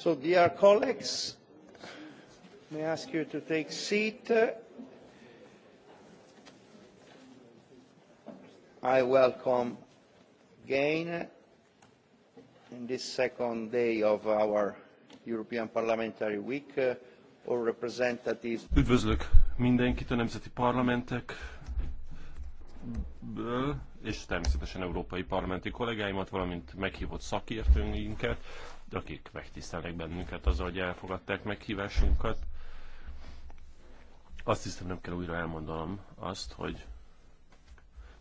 So, dear colleagues, may I ask you to take seat. I welcome again in this second day of our European Parliamentary Week uh, all representatives. Üdvözlök mindenkit a nemzeti parlamentek és természetesen európai parlamenti kollégáimat, valamint meghívott szakértőinket, akik megtisztelnek bennünket az hogy elfogadták meghívásunkat. Azt hiszem nem kell újra elmondanom azt, hogy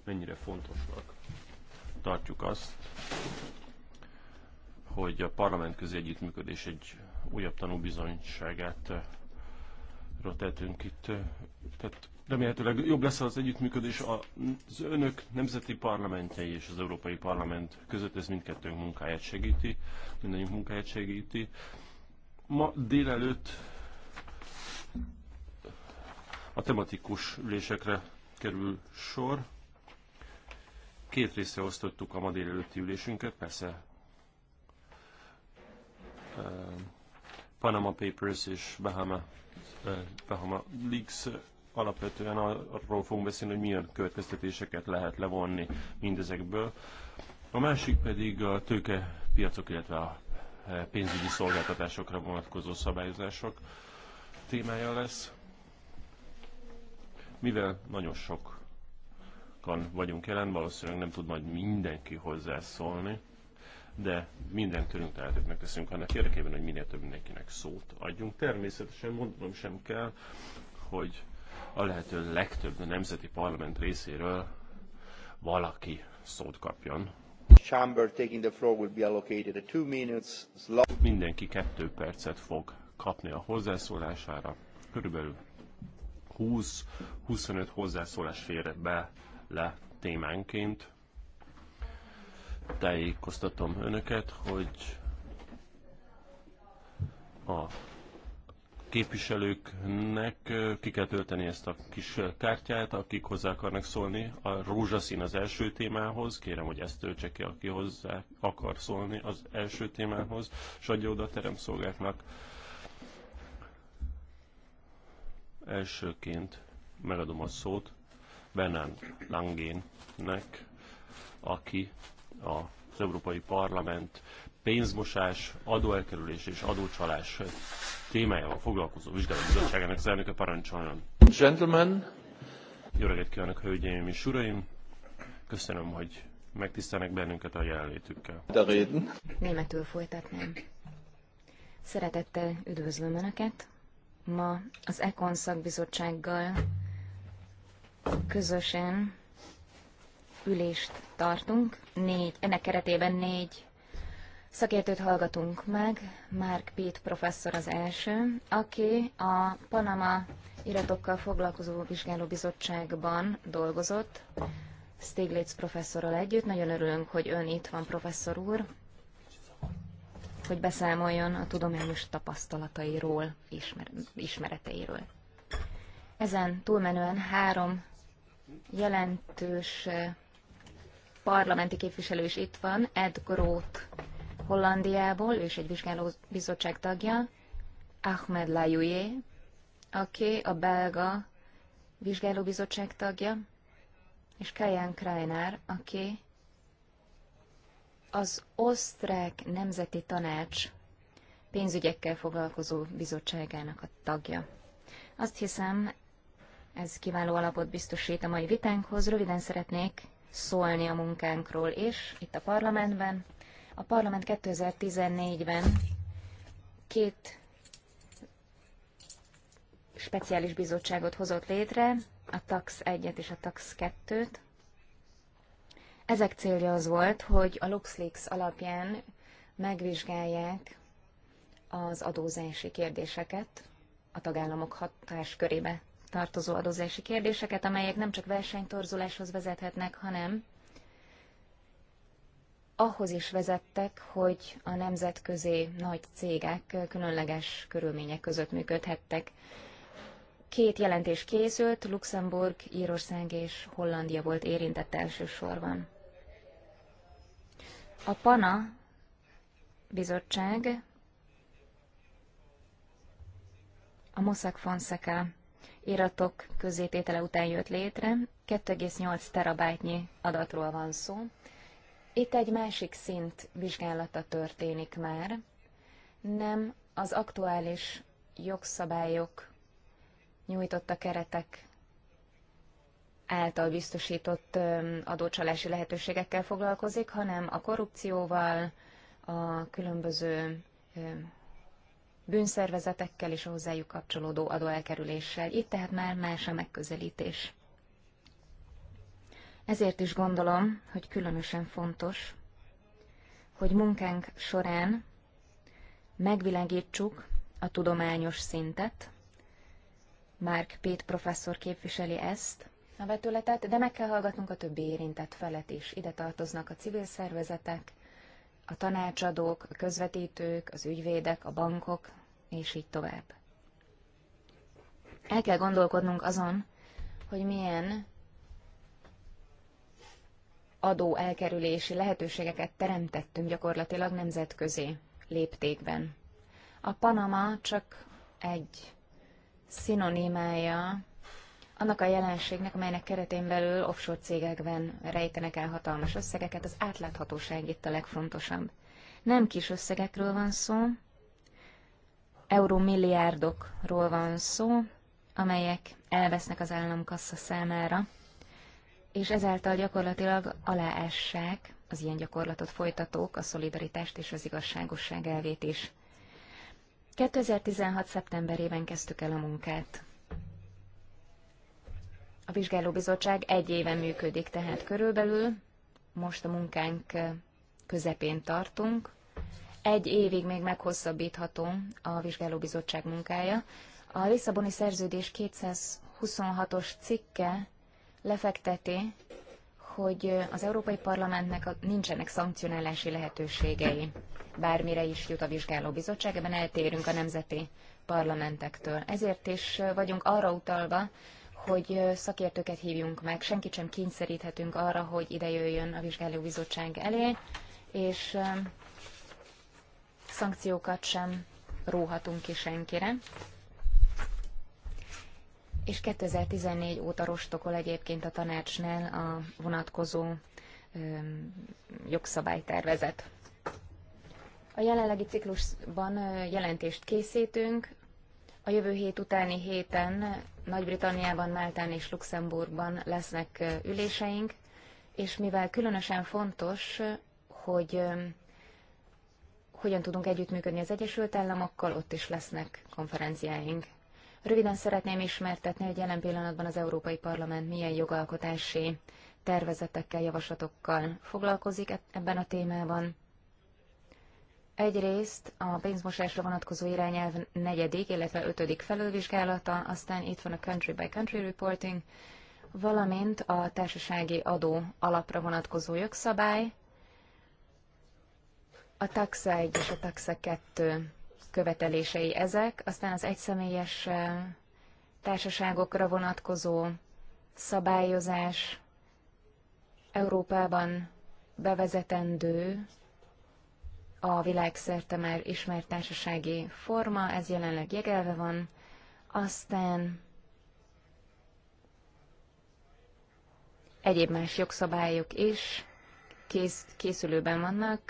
mennyire fontosnak tartjuk azt, hogy a parlament közé együttműködés egy újabb tanúbizonyságát eh, tettünk itt. Eh, tehát Remélhetőleg jobb lesz az együttműködés az önök nemzeti parlamentjei és az Európai Parlament között, ez mindkettőnk munkáját segíti, mindenünk munkáját segíti. Ma délelőtt a tematikus ülésekre kerül sor. Két részre osztottuk a ma délelőtti ülésünket, persze eh, Panama Papers és Bahama, eh, Bahama Leaks alapvetően arról fogunk beszélni, hogy milyen következtetéseket lehet levonni mindezekből. A másik pedig a tőkepiacok, illetve a e, pénzügyi szolgáltatásokra vonatkozó szabályozások témája lesz. Mivel nagyon sokan vagyunk jelen, valószínűleg nem tud majd mindenki hozzászólni, de minden körünk tehetőt megteszünk annak érdekében, hogy minél több mindenkinek szót adjunk. Természetesen mondanom sem kell, hogy a lehető legtöbb nemzeti parlament részéről valaki szót kapjon. Mindenki kettő percet fog kapni a hozzászólására. Körülbelül 20-25 hozzászólás fér be le témánként. Tájékoztatom önöket, hogy a képviselőknek ki kell tölteni ezt a kis kártyát, akik hozzá akarnak szólni. A rózsaszín az első témához, kérem, hogy ezt töltse ki, aki hozzá akar szólni az első témához, és adja oda a teremszolgáknak. Elsőként megadom a szót Benán Langénnek, aki az Európai Parlament pénzmosás, adóelkerülés és adócsalás témájával foglalkozó bizottságának az elnöke parancsoljon. Gentlemen! Jó reggelt kívánok, hölgyeim és uraim! Köszönöm, hogy megtisztelnek bennünket a jelenlétükkel. Németül folytatnám. Szeretettel üdvözlöm Önöket. Ma az Econ szakbizottsággal közösen ülést tartunk. Négy, ennek keretében négy Szakértőt hallgatunk meg, Mark Pitt professzor az első, aki a Panama iratokkal foglalkozó vizsgálóbizottságban dolgozott, Stiglitz professzorral együtt. Nagyon örülünk, hogy ön itt van, professzor úr, hogy beszámoljon a tudományos tapasztalatairól, ismer- ismereteiről. Ezen túlmenően három jelentős eh, parlamenti képviselő is itt van, Ed Groth, Hollandiából, és egy vizsgálóbizottság tagja, Ahmed Lajouyé, aki a belga vizsgálóbizottság tagja, és Kajan Krajnár, aki az osztrák nemzeti tanács pénzügyekkel foglalkozó bizottságának a tagja. Azt hiszem, ez kiváló alapot biztosít a mai vitánkhoz. Röviden szeretnék szólni a munkánkról is itt a parlamentben. A parlament 2014-ben két speciális bizottságot hozott létre, a TAX 1-et és a TAX 2-t. Ezek célja az volt, hogy a LuxLeaks alapján megvizsgálják az adózási kérdéseket, a tagállamok hatáskörébe tartozó adózási kérdéseket, amelyek nem csak versenytorzuláshoz vezethetnek, hanem ahhoz is vezettek, hogy a nemzetközi nagy cégek különleges körülmények között működhettek. Két jelentés készült, Luxemburg, Írország és Hollandia volt érintett elsősorban. A PANA bizottság a Mossack Fonseca iratok közzététele után jött létre, 2,8 terabájtnyi adatról van szó, itt egy másik szint vizsgálata történik már, nem az aktuális jogszabályok nyújtotta keretek által biztosított adócsalási lehetőségekkel foglalkozik, hanem a korrupcióval, a különböző bűnszervezetekkel és a hozzájuk kapcsolódó adóelkerüléssel. Itt tehát már más a megközelítés. Ezért is gondolom, hogy különösen fontos, hogy munkánk során megvilágítsuk a tudományos szintet. Mark Pét professzor képviseli ezt a vetületet, de meg kell hallgatnunk a többi érintett felet is. Ide tartoznak a civil szervezetek, a tanácsadók, a közvetítők, az ügyvédek, a bankok, és így tovább. El kell gondolkodnunk azon, hogy milyen adó elkerülési lehetőségeket teremtettünk gyakorlatilag nemzetközi léptékben. A Panama csak egy szinonimája annak a jelenségnek, amelynek keretén belül offshore cégekben rejtenek el hatalmas összegeket, az átláthatóság itt a legfontosabb. Nem kis összegekről van szó, eurómilliárdokról van szó, amelyek elvesznek az államkassa számára és ezáltal gyakorlatilag aláássák az ilyen gyakorlatot folytatók a szolidaritást és az igazságosság elvét is. 2016. szeptemberében kezdtük el a munkát. A vizsgálóbizottság egy éven működik, tehát körülbelül most a munkánk közepén tartunk. Egy évig még meghosszabbítható a vizsgálóbizottság munkája. A Lisszaboni Szerződés 226-os cikke lefekteti, hogy az Európai Parlamentnek nincsenek szankcionálási lehetőségei. Bármire is jut a vizsgáló bizottság, ebben eltérünk a nemzeti parlamentektől. Ezért is vagyunk arra utalva, hogy szakértőket hívjunk meg, senkit sem kényszeríthetünk arra, hogy ide jöjjön a vizsgáló bizottság elé, és um, szankciókat sem róhatunk ki senkire és 2014 óta rostokol egyébként a tanácsnál a vonatkozó jogszabálytervezet. A jelenlegi ciklusban jelentést készítünk, a jövő hét utáni héten Nagy-Britanniában, Máltán és Luxemburgban lesznek üléseink, és mivel különösen fontos, hogy hogyan tudunk együttműködni az Egyesült Államokkal, ott is lesznek konferenciáink. Röviden szeretném ismertetni, hogy jelen pillanatban az Európai Parlament milyen jogalkotási tervezetekkel, javaslatokkal foglalkozik e- ebben a témában. Egyrészt a pénzmosásra vonatkozó irányelv negyedik, illetve ötödik felülvizsgálata, aztán itt van a country by country reporting, valamint a társasági adó alapra vonatkozó jogszabály, a taxa 1 és a taxa 2 követelései ezek, aztán az egyszemélyes társaságokra vonatkozó szabályozás Európában bevezetendő a világszerte már ismert társasági forma, ez jelenleg jegelve van, aztán egyéb más jogszabályok is kész, készülőben vannak,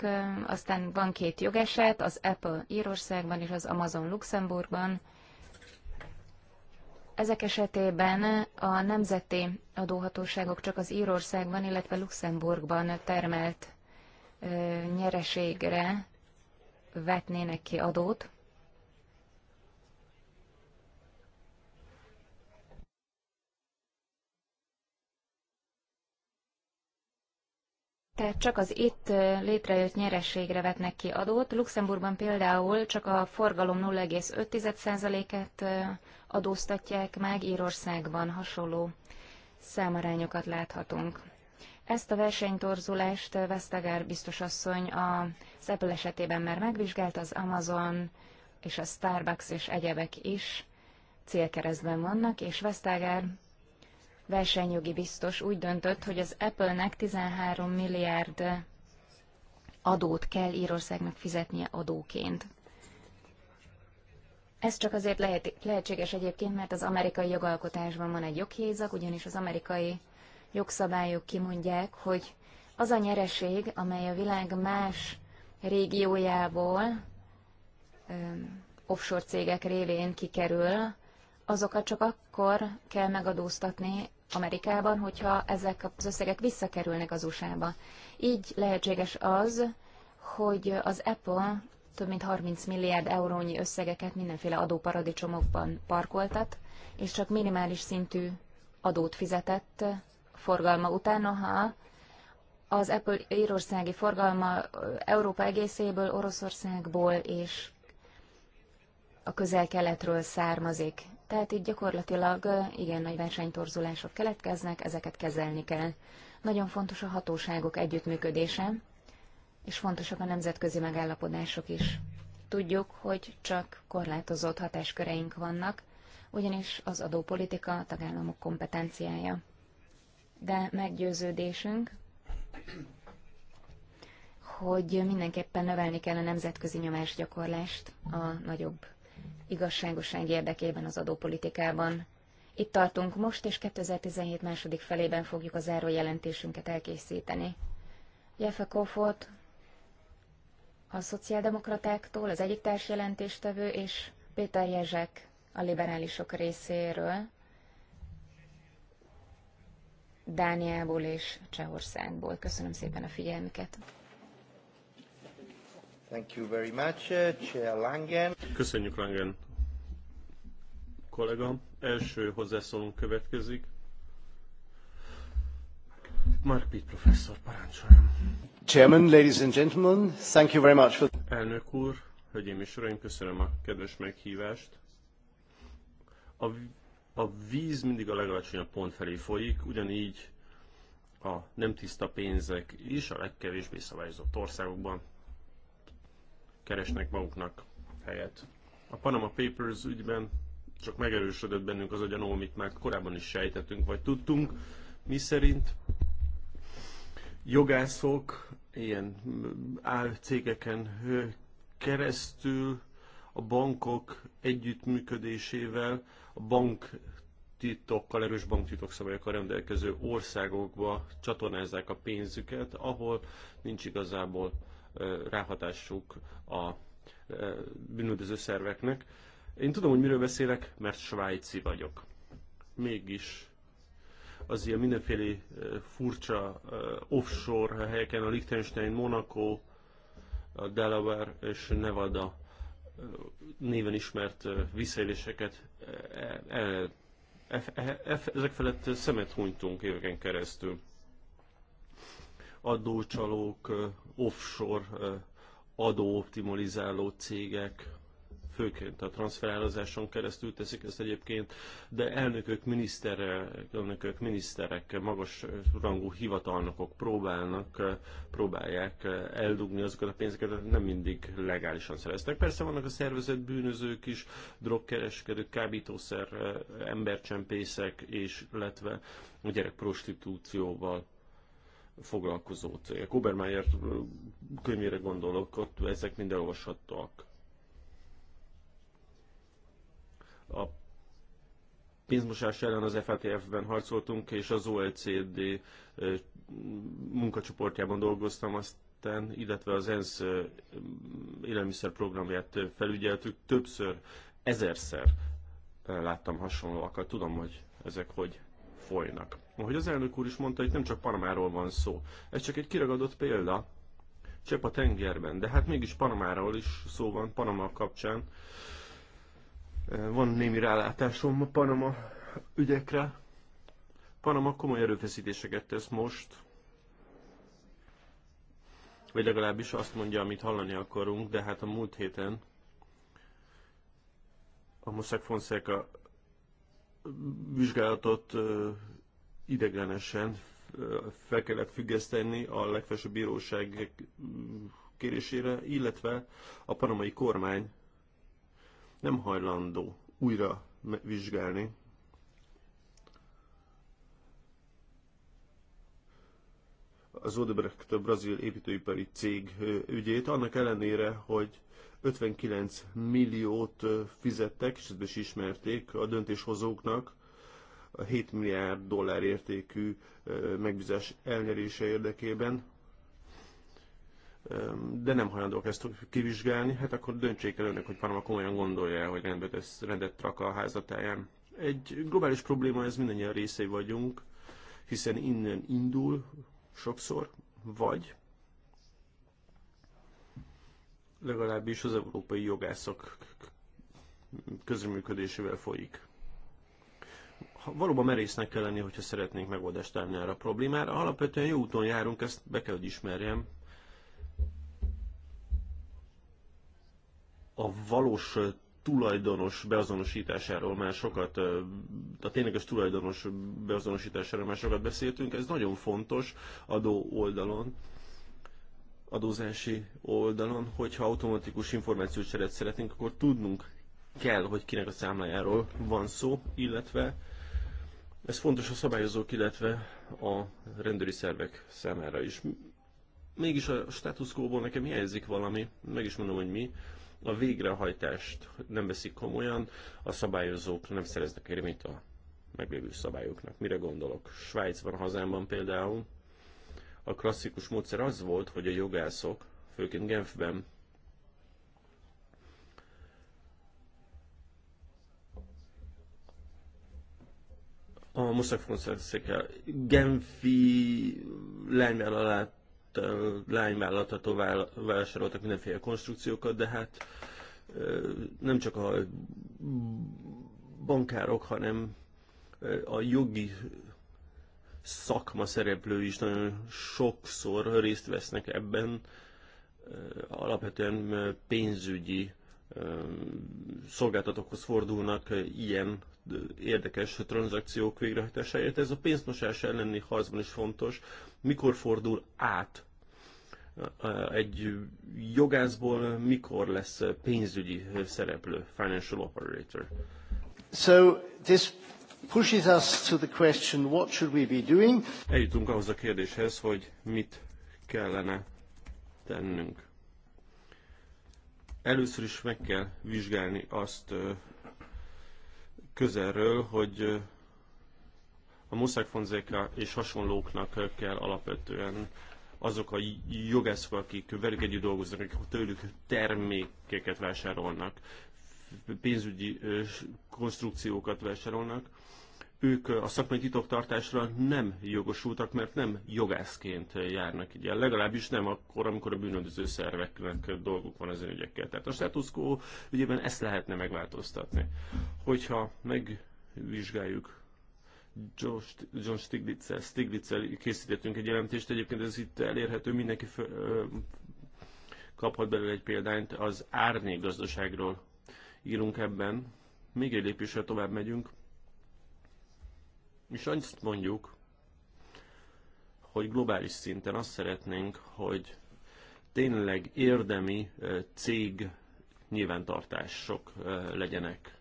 aztán van két jogeset, az Apple Írországban és az Amazon Luxemburgban. Ezek esetében a nemzeti adóhatóságok csak az Írországban, illetve Luxemburgban termelt nyereségre vetnének ki adót. tehát csak az itt létrejött nyereségre vetnek ki adót. Luxemburgban például csak a forgalom 0,5%-át adóztatják meg, Írországban hasonló számarányokat láthatunk. Ezt a versenytorzulást Vesztegár biztos asszony a Apple esetében már megvizsgált, az Amazon és a Starbucks és egyebek is célkeresztben vannak, és Vesztegár versenyjogi biztos úgy döntött, hogy az Apple-nek 13 milliárd adót kell Írországnak fizetnie adóként. Ez csak azért lehet, lehetséges egyébként, mert az amerikai jogalkotásban van egy joghézak, ugyanis az amerikai jogszabályok kimondják, hogy az a nyereség, amely a világ más régiójából öm, offshore cégek révén kikerül, azokat csak akkor kell megadóztatni Amerikában, hogyha ezek az összegek visszakerülnek az USA-ba. Így lehetséges az, hogy az Apple több mint 30 milliárd eurónyi összegeket mindenféle adóparadicsomokban parkoltat, és csak minimális szintű adót fizetett forgalma után, ha az Apple írországi forgalma Európa egészéből, Oroszországból és a közel-keletről származik. Tehát itt gyakorlatilag igen nagy versenytorzulások keletkeznek, ezeket kezelni kell. Nagyon fontos a hatóságok együttműködése, és fontosak a nemzetközi megállapodások is. Tudjuk, hogy csak korlátozott hatásköreink vannak, ugyanis az adópolitika a tagállamok kompetenciája. De meggyőződésünk, hogy mindenképpen növelni kell a nemzetközi nyomásgyakorlást a nagyobb igazságosság érdekében az adópolitikában. Itt tartunk most, és 2017 második felében fogjuk a záró jelentésünket elkészíteni. Jeffe Kofot a szociáldemokratáktól, az egyik társjelentéstevő, és Péter Jezsek a liberálisok részéről, Dániából és Csehországból. Köszönöm szépen a figyelmüket! Thank you very much, uh, Chair Langen. Köszönjük Langen kollega. Első hozzászólónk következik. Mark Pitt professzor, parancsoljon. Chairman, ladies and gentlemen, thank you very much for... Elnök úr, hölgyeim és uraim, köszönöm a kedves meghívást. A, a víz mindig a legalacsonyabb pont felé folyik, ugyanígy a nem tiszta pénzek is a legkevésbé szabályozott országokban keresnek maguknak helyet. A Panama Papers ügyben csak megerősödött bennünk az agyanó, amit már korábban is sejtettünk, vagy tudtunk, mi szerint jogászok ilyen cégeken keresztül a bankok együttműködésével, a bank titokkal, erős szabályokkal rendelkező országokba csatornázzák a pénzüket, ahol nincs igazából ráhatásuk a bűnöldöző szerveknek. Én tudom, hogy miről beszélek, mert svájci vagyok. Mégis az ilyen mindenféle furcsa offshore helyeken, a Liechtenstein, Monaco, a Delaware és Nevada néven ismert visszaéléseket e, e, e, ezek felett szemet hunytunk éveken keresztül adócsalók, offshore adóoptimalizáló cégek, főként a transferározáson keresztül teszik ezt egyébként, de elnökök, miniszterek, elnökök, miniszterek, magas rangú hivatalnokok próbálnak, próbálják eldugni azokat a pénzeket, amit nem mindig legálisan szereztek. Persze vannak a szervezett bűnözők is, drogkereskedők, kábítószer, embercsempészek, és illetve a gyerek prostitúcióval foglalkozót. Kobermeyer könyvére gondolok, ott ezek mind elolvashatóak. A pénzmosás ellen az FATF-ben harcoltunk, és az OECD munkacsoportjában dolgoztam, aztán, illetve az ENSZ élelmiszerprogramját felügyeltük. Többször, ezerszer láttam hasonlóakat, tudom, hogy ezek hogy folynak. Ahogy az elnök úr is mondta, itt nem csak Panamáról van szó. Ez csak egy kiragadott példa, csepp a tengerben, de hát mégis Panamáról is szó van, Panama kapcsán. E, van némi rálátásom a Panama ügyekre. Panama komoly erőfeszítéseket tesz most, vagy legalábbis azt mondja, amit hallani akarunk, de hát a múlt héten a Mossack Fonseca vizsgálatot e, ideglenesen fel kellett függeszteni a legfelsőbb bíróság kérésére, illetve a panamai kormány nem hajlandó újra vizsgálni az Odebrecht brazil építőipari cég ügyét, annak ellenére, hogy 59 milliót fizettek, és ezt is ismerték a döntéshozóknak, 7 milliárd dollár értékű megbízás elnyerése érdekében, de nem hajlandóak ezt kivizsgálni, hát akkor döntsék el önök, hogy Panama komolyan gondolja, hogy rendbe tesz rendet rak a házatáján. Egy globális probléma, ez mindannyian részei vagyunk, hiszen innen indul sokszor, vagy legalábbis az európai jogászok közreműködésével folyik valóban merésznek kell lenni, hogyha szeretnénk megoldást találni erre a problémára. Alapvetően jó úton járunk, ezt be kell, hogy ismerjem. A valós tulajdonos beazonosításáról már sokat, a tényleges tulajdonos beazonosításáról már sokat beszéltünk, ez nagyon fontos adó oldalon adózási oldalon, hogyha automatikus információt szeretnénk, akkor tudnunk kell, hogy kinek a számlájáról van szó, illetve ez fontos a szabályozók, illetve a rendőri szervek számára is. Mégis a status quo-ból nekem hiányzik valami, meg is mondom, hogy mi. A végrehajtást nem veszik komolyan, a szabályozók nem szereznek érvényt a meglévő szabályoknak. Mire gondolok? Svájcban, hazámban például a klasszikus módszer az volt, hogy a jogászok, főként Genfben a Mossack Fonszeszékkel Genfi lányvállalat, lányvállalat vásároltak mindenféle konstrukciókat, de hát nem csak a bankárok, hanem a jogi szakma szereplő is nagyon sokszor részt vesznek ebben, alapvetően pénzügyi szolgáltatókhoz fordulnak ilyen érdekes a tranzakciók végrehajtásáért. Ez a pénzmosás elleni harcban is fontos. Mikor fordul át egy jogászból, mikor lesz pénzügyi szereplő, financial operator? So this pushes us to the question, what should we be doing? Eljutunk ahhoz a kérdéshez, hogy mit kellene tennünk. Először is meg kell vizsgálni azt, közelről, hogy a Mossack Fonseca és hasonlóknak kell alapvetően azok a jogászok, akik velük együtt dolgoznak, akik tőlük termékeket vásárolnak, pénzügyi konstrukciókat vásárolnak, ők a szakmai titoktartásra nem jogosultak, mert nem jogászként járnak így el. Legalábbis nem akkor, amikor a bűnöldöző szerveknek dolguk van az ügyekkel. Tehát a status quo ügyében ezt lehetne megváltoztatni. Hogyha megvizsgáljuk John Stiglitz-el, stiglitz készítettünk egy jelentést, egyébként ez itt elérhető, mindenki kaphat belőle egy példányt, az árnyék gazdaságról írunk ebben. Még egy lépésre tovább megyünk, és azt mondjuk, hogy globális szinten azt szeretnénk, hogy tényleg érdemi cég nyilvántartások legyenek,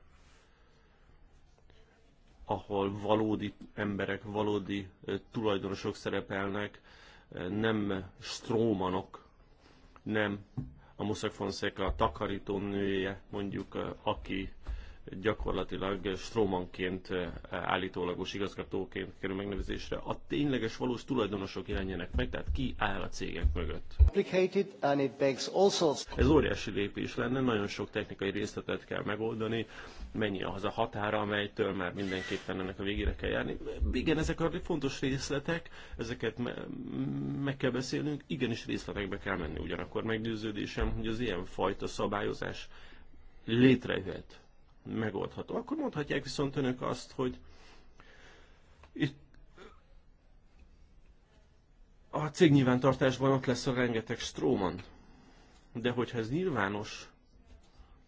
ahol valódi emberek, valódi tulajdonosok szerepelnek, nem strómanok, nem a Mossack Fonseca takarítónője mondjuk, aki gyakorlatilag strómanként, eh, állítólagos igazgatóként kerül megnevezésre, a tényleges valós tulajdonosok jelenjenek meg, tehát ki áll a cégek mögött. Ez óriási lépés lenne, nagyon sok technikai részletet kell megoldani, mennyi az a határa, amelytől már mindenképpen ennek a végére kell járni. Igen, ezek a fontos részletek, ezeket meg kell beszélnünk, igenis részletekbe kell menni, ugyanakkor meggyőződésem, hogy az ilyen fajta szabályozás létrejöhet megoldható. Akkor mondhatják viszont önök azt, hogy itt a cég nyilvántartásban ott lesz a rengeteg stróman. De hogyha ez nyilvános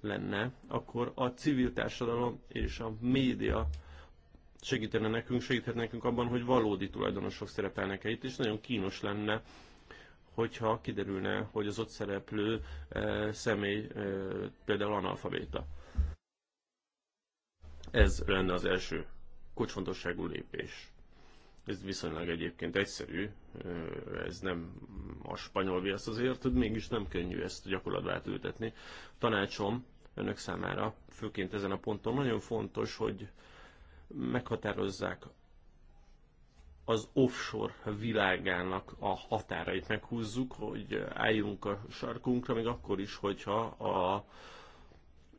lenne, akkor a civil társadalom és a média segítene nekünk, segíthet nekünk abban, hogy valódi tulajdonosok szerepelnek -e itt, és nagyon kínos lenne, hogyha kiderülne, hogy az ott szereplő e, személy e, például analfabéta. Ez lenne az első kocsfontosságú lépés. Ez viszonylag egyébként egyszerű, ez nem a spanyol viasz azért, mégis nem könnyű ezt a gyakorlatba átültetni. Tanácsom önök számára, főként ezen a ponton nagyon fontos, hogy meghatározzák az offshore világának a határait meghúzzuk, hogy álljunk a sarkunkra, még akkor is, hogyha a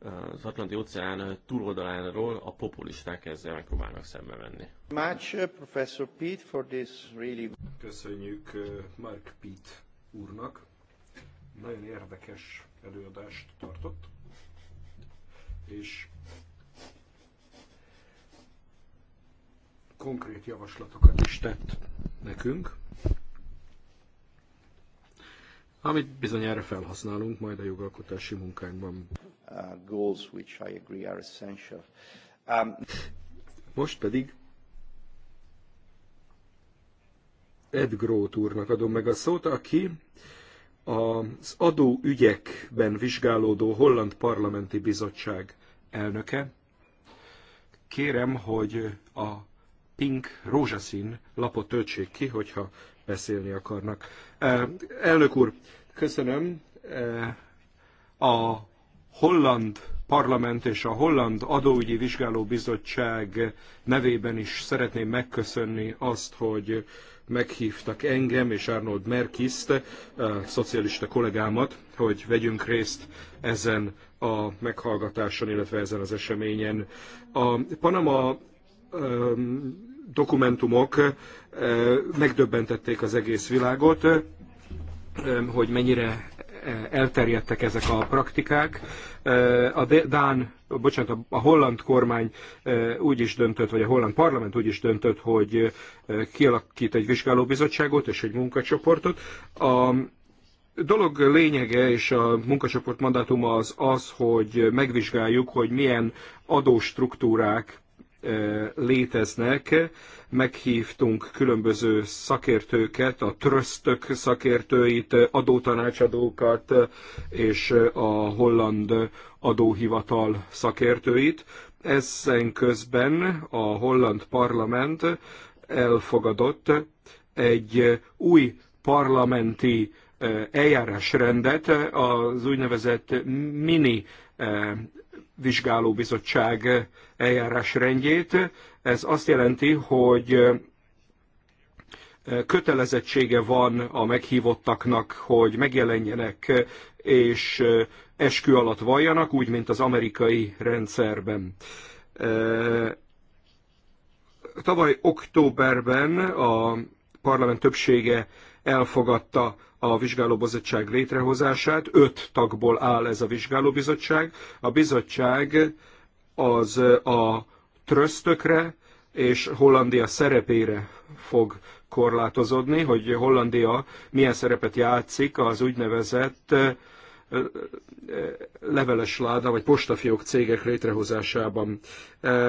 az Atlanti óceán túloldalánról a populisták ezzel megpróbálnak szembe menni. Much, uh, Professor Pete, for this really... Köszönjük uh, Mark Pete úrnak. Nagyon érdekes előadást tartott. És konkrét javaslatokat is tett nekünk amit bizonyára felhasználunk majd a jogalkotási munkánkban. Uh, goals which I agree are essential. Um, Most pedig Ed Groth úrnak adom meg a szót, aki az adóügyekben vizsgálódó Holland Parlamenti Bizottság elnöke. Kérem, hogy a pink rózsaszín lapot töltsék ki, hogyha beszélni akarnak. Elnök úr, köszönöm. A holland parlament és a holland adóügyi vizsgálóbizottság nevében is szeretném megköszönni azt, hogy meghívtak engem és Arnold Merkiszt, szocialista kollégámat, hogy vegyünk részt ezen a meghallgatáson, illetve ezen az eseményen. A Panama dokumentumok eh, megdöbbentették az egész világot, eh, hogy mennyire eh, elterjedtek ezek a praktikák. A Dán, bocsánat, a holland kormány úgy is döntött, vagy a holland parlament úgy is döntött, hogy kialakít egy vizsgálóbizottságot és egy munkacsoportot. A dolog lényege és a munkacsoport mandátuma az az, hogy megvizsgáljuk, hogy milyen adóstruktúrák léteznek. Meghívtunk különböző szakértőket, a trösztök szakértőit, adótanácsadókat és a holland adóhivatal szakértőit. Ezen közben a holland parlament elfogadott egy új parlamenti eljárásrendet, az úgynevezett mini vizsgálóbizottság eljárásrendjét. Ez azt jelenti, hogy kötelezettsége van a meghívottaknak, hogy megjelenjenek és eskü alatt valljanak, úgy, mint az amerikai rendszerben. Tavaly októberben a parlament többsége elfogadta a vizsgálóbizottság létrehozását. Öt tagból áll ez a vizsgálóbizottság. A bizottság az a trösztökre és Hollandia szerepére fog korlátozódni, hogy Hollandia milyen szerepet játszik az úgynevezett leveles láda vagy postafiók cégek létrehozásában.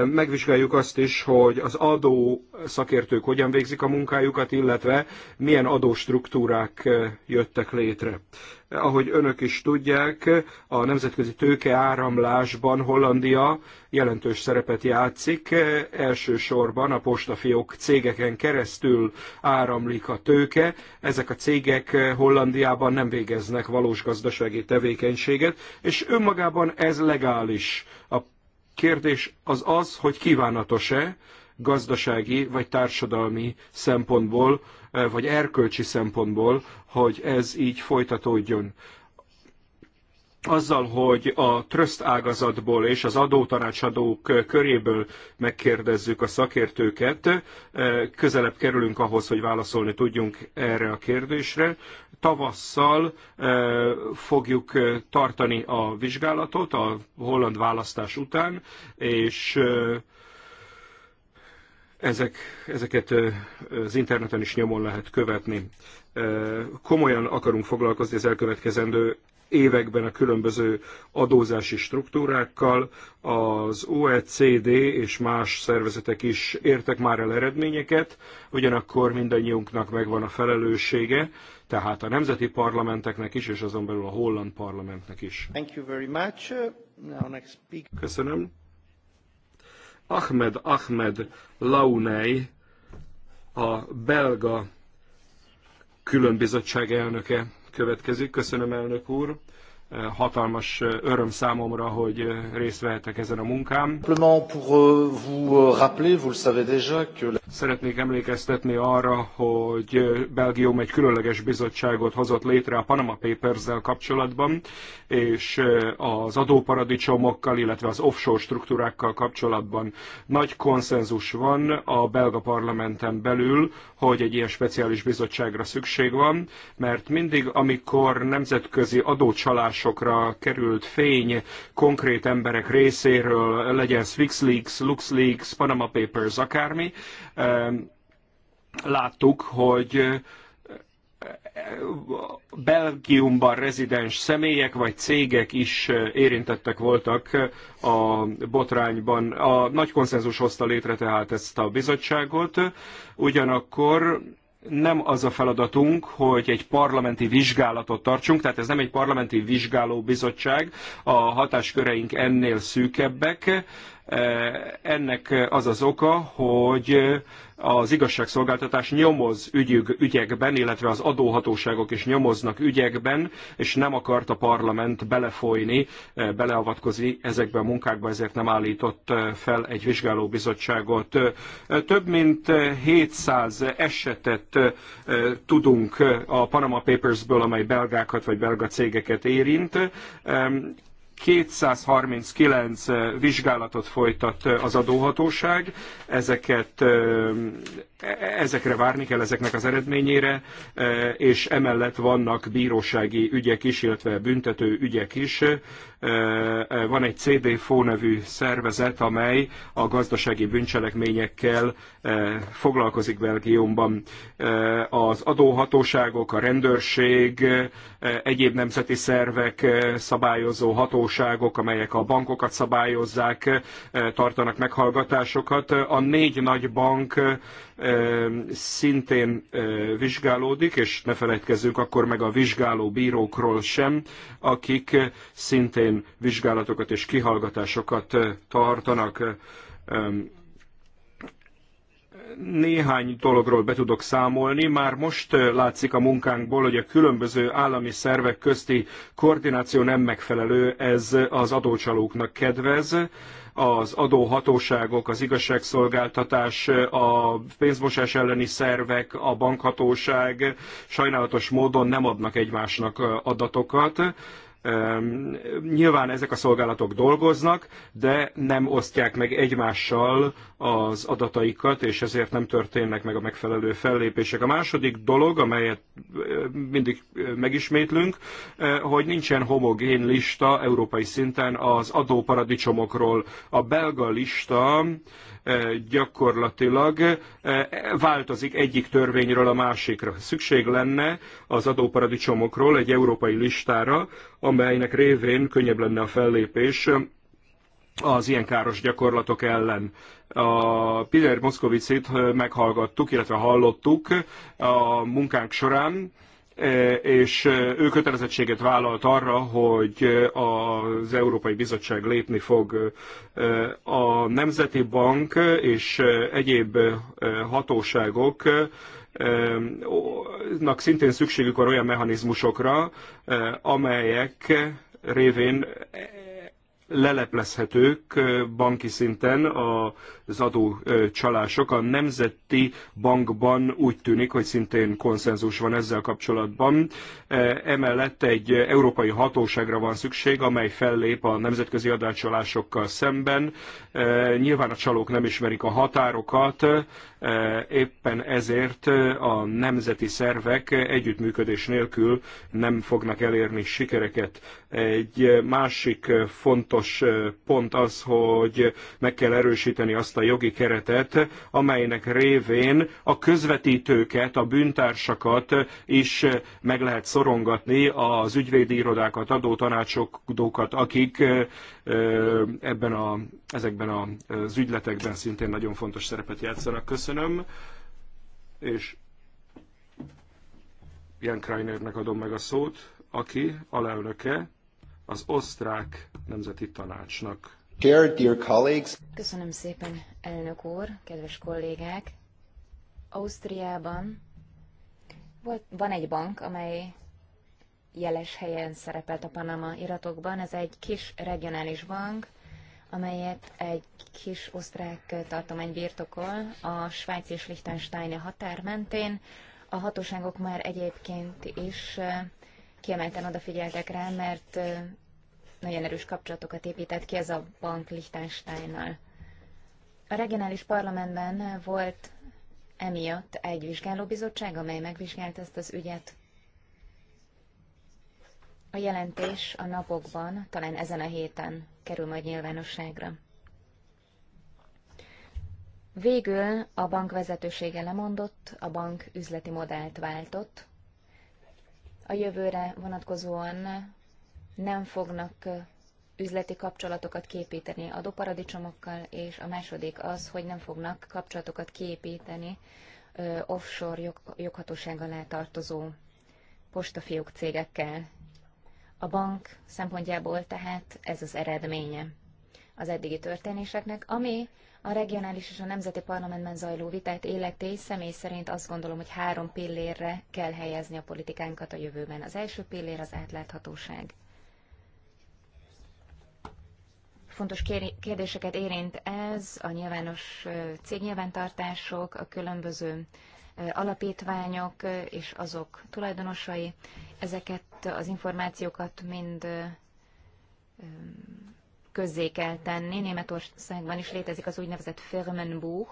Megvizsgáljuk azt is, hogy az adó szakértők hogyan végzik a munkájukat, illetve milyen adóstruktúrák jöttek létre. Ahogy önök is tudják, a nemzetközi tőke áramlásban Hollandia jelentős szerepet játszik. Elsősorban a postafiók cégeken keresztül áramlik a tőke. Ezek a cégek Hollandiában nem végeznek valós gazdasági tevékenységet, és önmagában ez legális. A kérdés az az, hogy kívánatos-e, gazdasági vagy társadalmi szempontból, eh, vagy erkölcsi szempontból, hogy ez így folytatódjon azzal, hogy a tröszt ágazatból és az adótanácsadók eh, köréből megkérdezzük a szakértőket, eh, közelebb kerülünk ahhoz, hogy válaszolni tudjunk erre a kérdésre. Tavasszal fogjuk tartani a vizsgálatot a holland választás után, és ezek, ezeket az interneten is nyomon lehet követni. Komolyan akarunk foglalkozni az elkövetkezendő években a különböző adózási struktúrákkal. Az OECD és más szervezetek is értek már el eredményeket, ugyanakkor mindannyiunknak megvan a felelőssége, tehát a nemzeti parlamenteknek is, és azon belül a holland parlamentnek is. Thank you very much. Now next speaker. Köszönöm. Ahmed Ahmed Launay, a belga különbizottság elnöke következik. Köszönöm, elnök úr hatalmas öröm számomra, hogy részt vehetek ezen a munkám. Euh, Szeretnék emlékeztetni arra, hogy Belgium egy különleges bizottságot hozott létre a Panama papers kapcsolatban, és az adóparadicsomokkal, illetve az offshore struktúrákkal kapcsolatban nagy konszenzus van a belga parlamenten belül, hogy egy ilyen speciális bizottságra szükség van, mert mindig, amikor nemzetközi adócsalás vállalkozásokra került fény konkrét emberek részéről, legyen SwixLeaks, LuxLeaks, Panama Papers, akármi, ehm, láttuk, hogy eh, Belgiumban rezidens személyek vagy cégek is eh, érintettek voltak eh, a botrányban. A nagy konszenzus hozta létre tehát ezt a bizottságot, ugyanakkor nem az a feladatunk, hogy egy parlamenti vizsgálatot tartsunk, tehát ez nem egy parlamenti vizsgálóbizottság, a hatásköreink ennél szűkebbek. Ennek az az oka, hogy az igazságszolgáltatás nyomoz ügyük, ügyekben, illetve az adóhatóságok is nyomoznak ügyekben, és nem akart a parlament belefolyni, eh, beleavatkozni ezekbe a munkákba, ezért nem állított eh, fel egy vizsgálóbizottságot. Eh, több mint 700 esetet tudunk a Panama Papersből, amely belgákat vagy belga cégeket érint. 239 vizsgálatot folytat az adóhatóság, ezeket, e, e, ezekre várni kell ezeknek az eredményére, és emellett vannak bírósági ügyek is, illetve büntető ügyek is. Van egy CDFO nevű szervezet, amely a gazdasági bűncselekményekkel foglalkozik Belgiumban. Az adóhatóságok, a rendőrség, egyéb nemzeti szervek, szabályozó hatóságok, hatóságok, amelyek a bankokat szabályozzák, eh, tartanak meghallgatásokat. A négy nagy bank eh, szintén eh, vizsgálódik, és ne felejtkezzünk akkor meg a vizsgáló bírókról sem, akik szintén vizsgálatokat és kihallgatásokat tartanak néhány dologról be tudok számolni. Már most látszik a munkánkból, hogy a különböző állami szervek közti koordináció nem megfelelő, ez az adócsalóknak kedvez az adóhatóságok, az igazságszolgáltatás, a pénzmosás elleni szervek, a bankhatóság sajnálatos módon nem adnak egymásnak adatokat. Nyilván ezek a szolgálatok dolgoznak, de nem osztják meg egymással az adataikat, és ezért nem történnek meg a megfelelő fellépések. A második dolog, amelyet mindig megismétlünk, hogy nincsen homogén lista európai szinten az adóparadicsomokról. A belga lista gyakorlatilag változik egyik törvényről a másikra. Szükség lenne az adóparadicsomokról egy európai listára, amelynek révén könnyebb lenne a fellépés az ilyen káros gyakorlatok ellen. A Pider Moszkovicit meghallgattuk, illetve hallottuk a munkánk során, Eh, és eh, ő kötelezettséget vállalt arra, hogy eh, az Európai Bizottság lépni fog. A Nemzeti Bank és egyéb hatóságok nak szintén szükségük van olyan mechanizmusokra, amelyek révén leleplezhetők banki szinten a az adócsalások. A Nemzeti Bankban úgy tűnik, hogy szintén konszenzus van ezzel kapcsolatban. Emellett egy európai hatóságra van szükség, amely fellép a nemzetközi adócsalásokkal szemben. Nyilván a csalók nem ismerik a határokat, éppen ezért a nemzeti szervek együttműködés nélkül nem fognak elérni sikereket. Egy másik fontos pont az, hogy meg kell erősíteni azt a a jogi keretet, amelynek révén a közvetítőket, a bűntársakat is meg lehet szorongatni, az ügyvédi irodákat, adótanácsadókat, akik ebben a, ezekben az ügyletekben szintén nagyon fontos szerepet játszanak. Köszönöm. És Jan Kreinernek adom meg a szót, aki alelnöke az osztrák nemzeti tanácsnak. Chair, dear colleagues. Köszönöm szépen, elnök úr, kedves kollégák. Ausztriában volt, van egy bank, amely jeles helyen szerepelt a Panama iratokban. Ez egy kis regionális bank, amelyet egy kis osztrák tartomány birtokol a Svájc és Liechtenstein határ mentén. A hatóságok már egyébként is eh, kiemelten odafigyeltek rá, mert eh, nagyon erős kapcsolatokat épített ki ez a bank Liechtensteinnal. A regionális parlamentben volt emiatt egy vizsgálóbizottság, amely megvizsgálta ezt az ügyet. A jelentés a napokban, talán ezen a héten kerül majd nyilvánosságra. Végül a bank vezetősége lemondott, a bank üzleti modellt váltott. A jövőre vonatkozóan nem fognak üzleti kapcsolatokat képíteni adóparadicsomokkal, és a második az, hogy nem fognak kapcsolatokat képíteni offshore jog, joghatóság alá tartozó postafiók cégekkel. A bank szempontjából tehát ez az eredménye az eddigi történéseknek, ami a regionális és a nemzeti parlamentben zajló vitát életé személy szerint azt gondolom, hogy három pillérre kell helyezni a politikánkat a jövőben. Az első pillér az átláthatóság. Fontos kérdéseket érint ez, a nyilvános cégnyilvántartások, a különböző alapítványok és azok tulajdonosai. Ezeket az információkat mind közzé kell tenni. Németországban is létezik az úgynevezett Firmenbuch,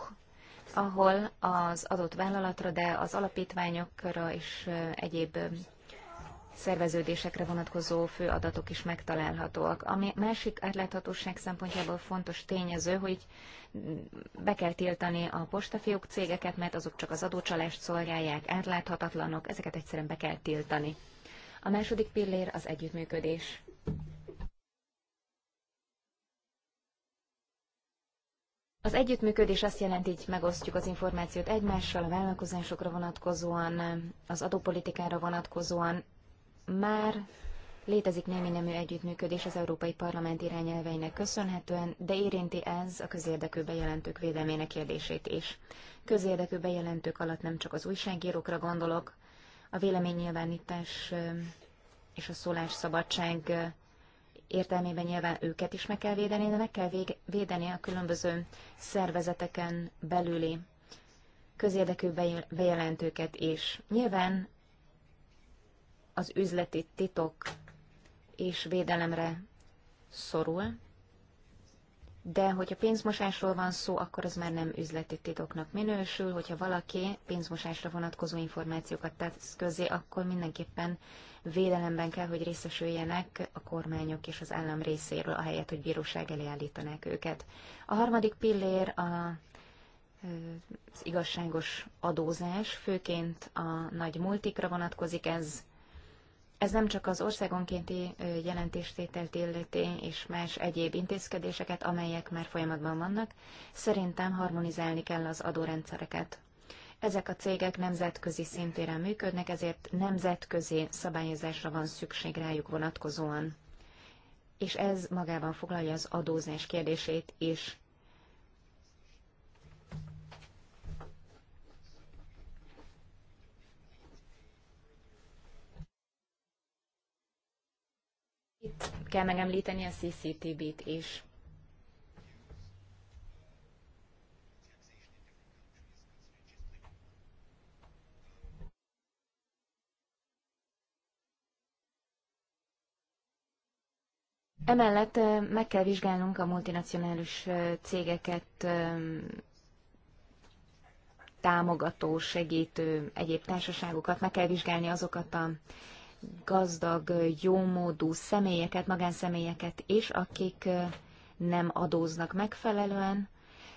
ahol az adott vállalatra, de az alapítványokra és egyéb szerveződésekre vonatkozó fő adatok is megtalálhatóak. A másik átláthatóság szempontjából fontos tényező, hogy be kell tiltani a postafiók cégeket, mert azok csak az adócsalást szolgálják, átláthatatlanok, ezeket egyszerűen be kell tiltani. A második pillér az együttműködés. Az együttműködés azt jelenti, hogy megosztjuk az információt egymással, a vállalkozásokra vonatkozóan, az adópolitikára vonatkozóan, már létezik némi nemű együttműködés az Európai Parlament irányelveinek köszönhetően, de érinti ez a közérdekű bejelentők védelmének kérdését is. Közérdekű bejelentők alatt nem csak az újságírókra gondolok, a véleménynyilvánítás eh, és a szólásszabadság eh, értelmében nyilván őket is meg kell védeni, de meg kell védeni a különböző szervezeteken belüli közérdekű bejelentőket is. Nyilván az üzleti titok és védelemre szorul, de hogyha pénzmosásról van szó, akkor az már nem üzleti titoknak minősül, hogyha valaki pénzmosásra vonatkozó információkat tesz közé, akkor mindenképpen védelemben kell, hogy részesüljenek a kormányok és az állam részéről, ahelyett, hogy bíróság elé állítanák őket. A harmadik pillér a az igazságos adózás, főként a nagy multikra vonatkozik ez, ez nem csak az országonkénti jelentéstételt illeti és más egyéb intézkedéseket, amelyek már folyamatban vannak, szerintem harmonizálni kell az adórendszereket. Ezek a cégek nemzetközi szintéren működnek, ezért nemzetközi szabályozásra van szükség rájuk vonatkozóan. És ez magában foglalja az adózás kérdését is. kell megemlíteni a cctv t is. Emellett meg kell vizsgálnunk a multinacionális cégeket támogató, segítő egyéb társaságokat, meg kell vizsgálni azokat a gazdag, jómódú személyeket, magánszemélyeket is, akik nem adóznak megfelelően.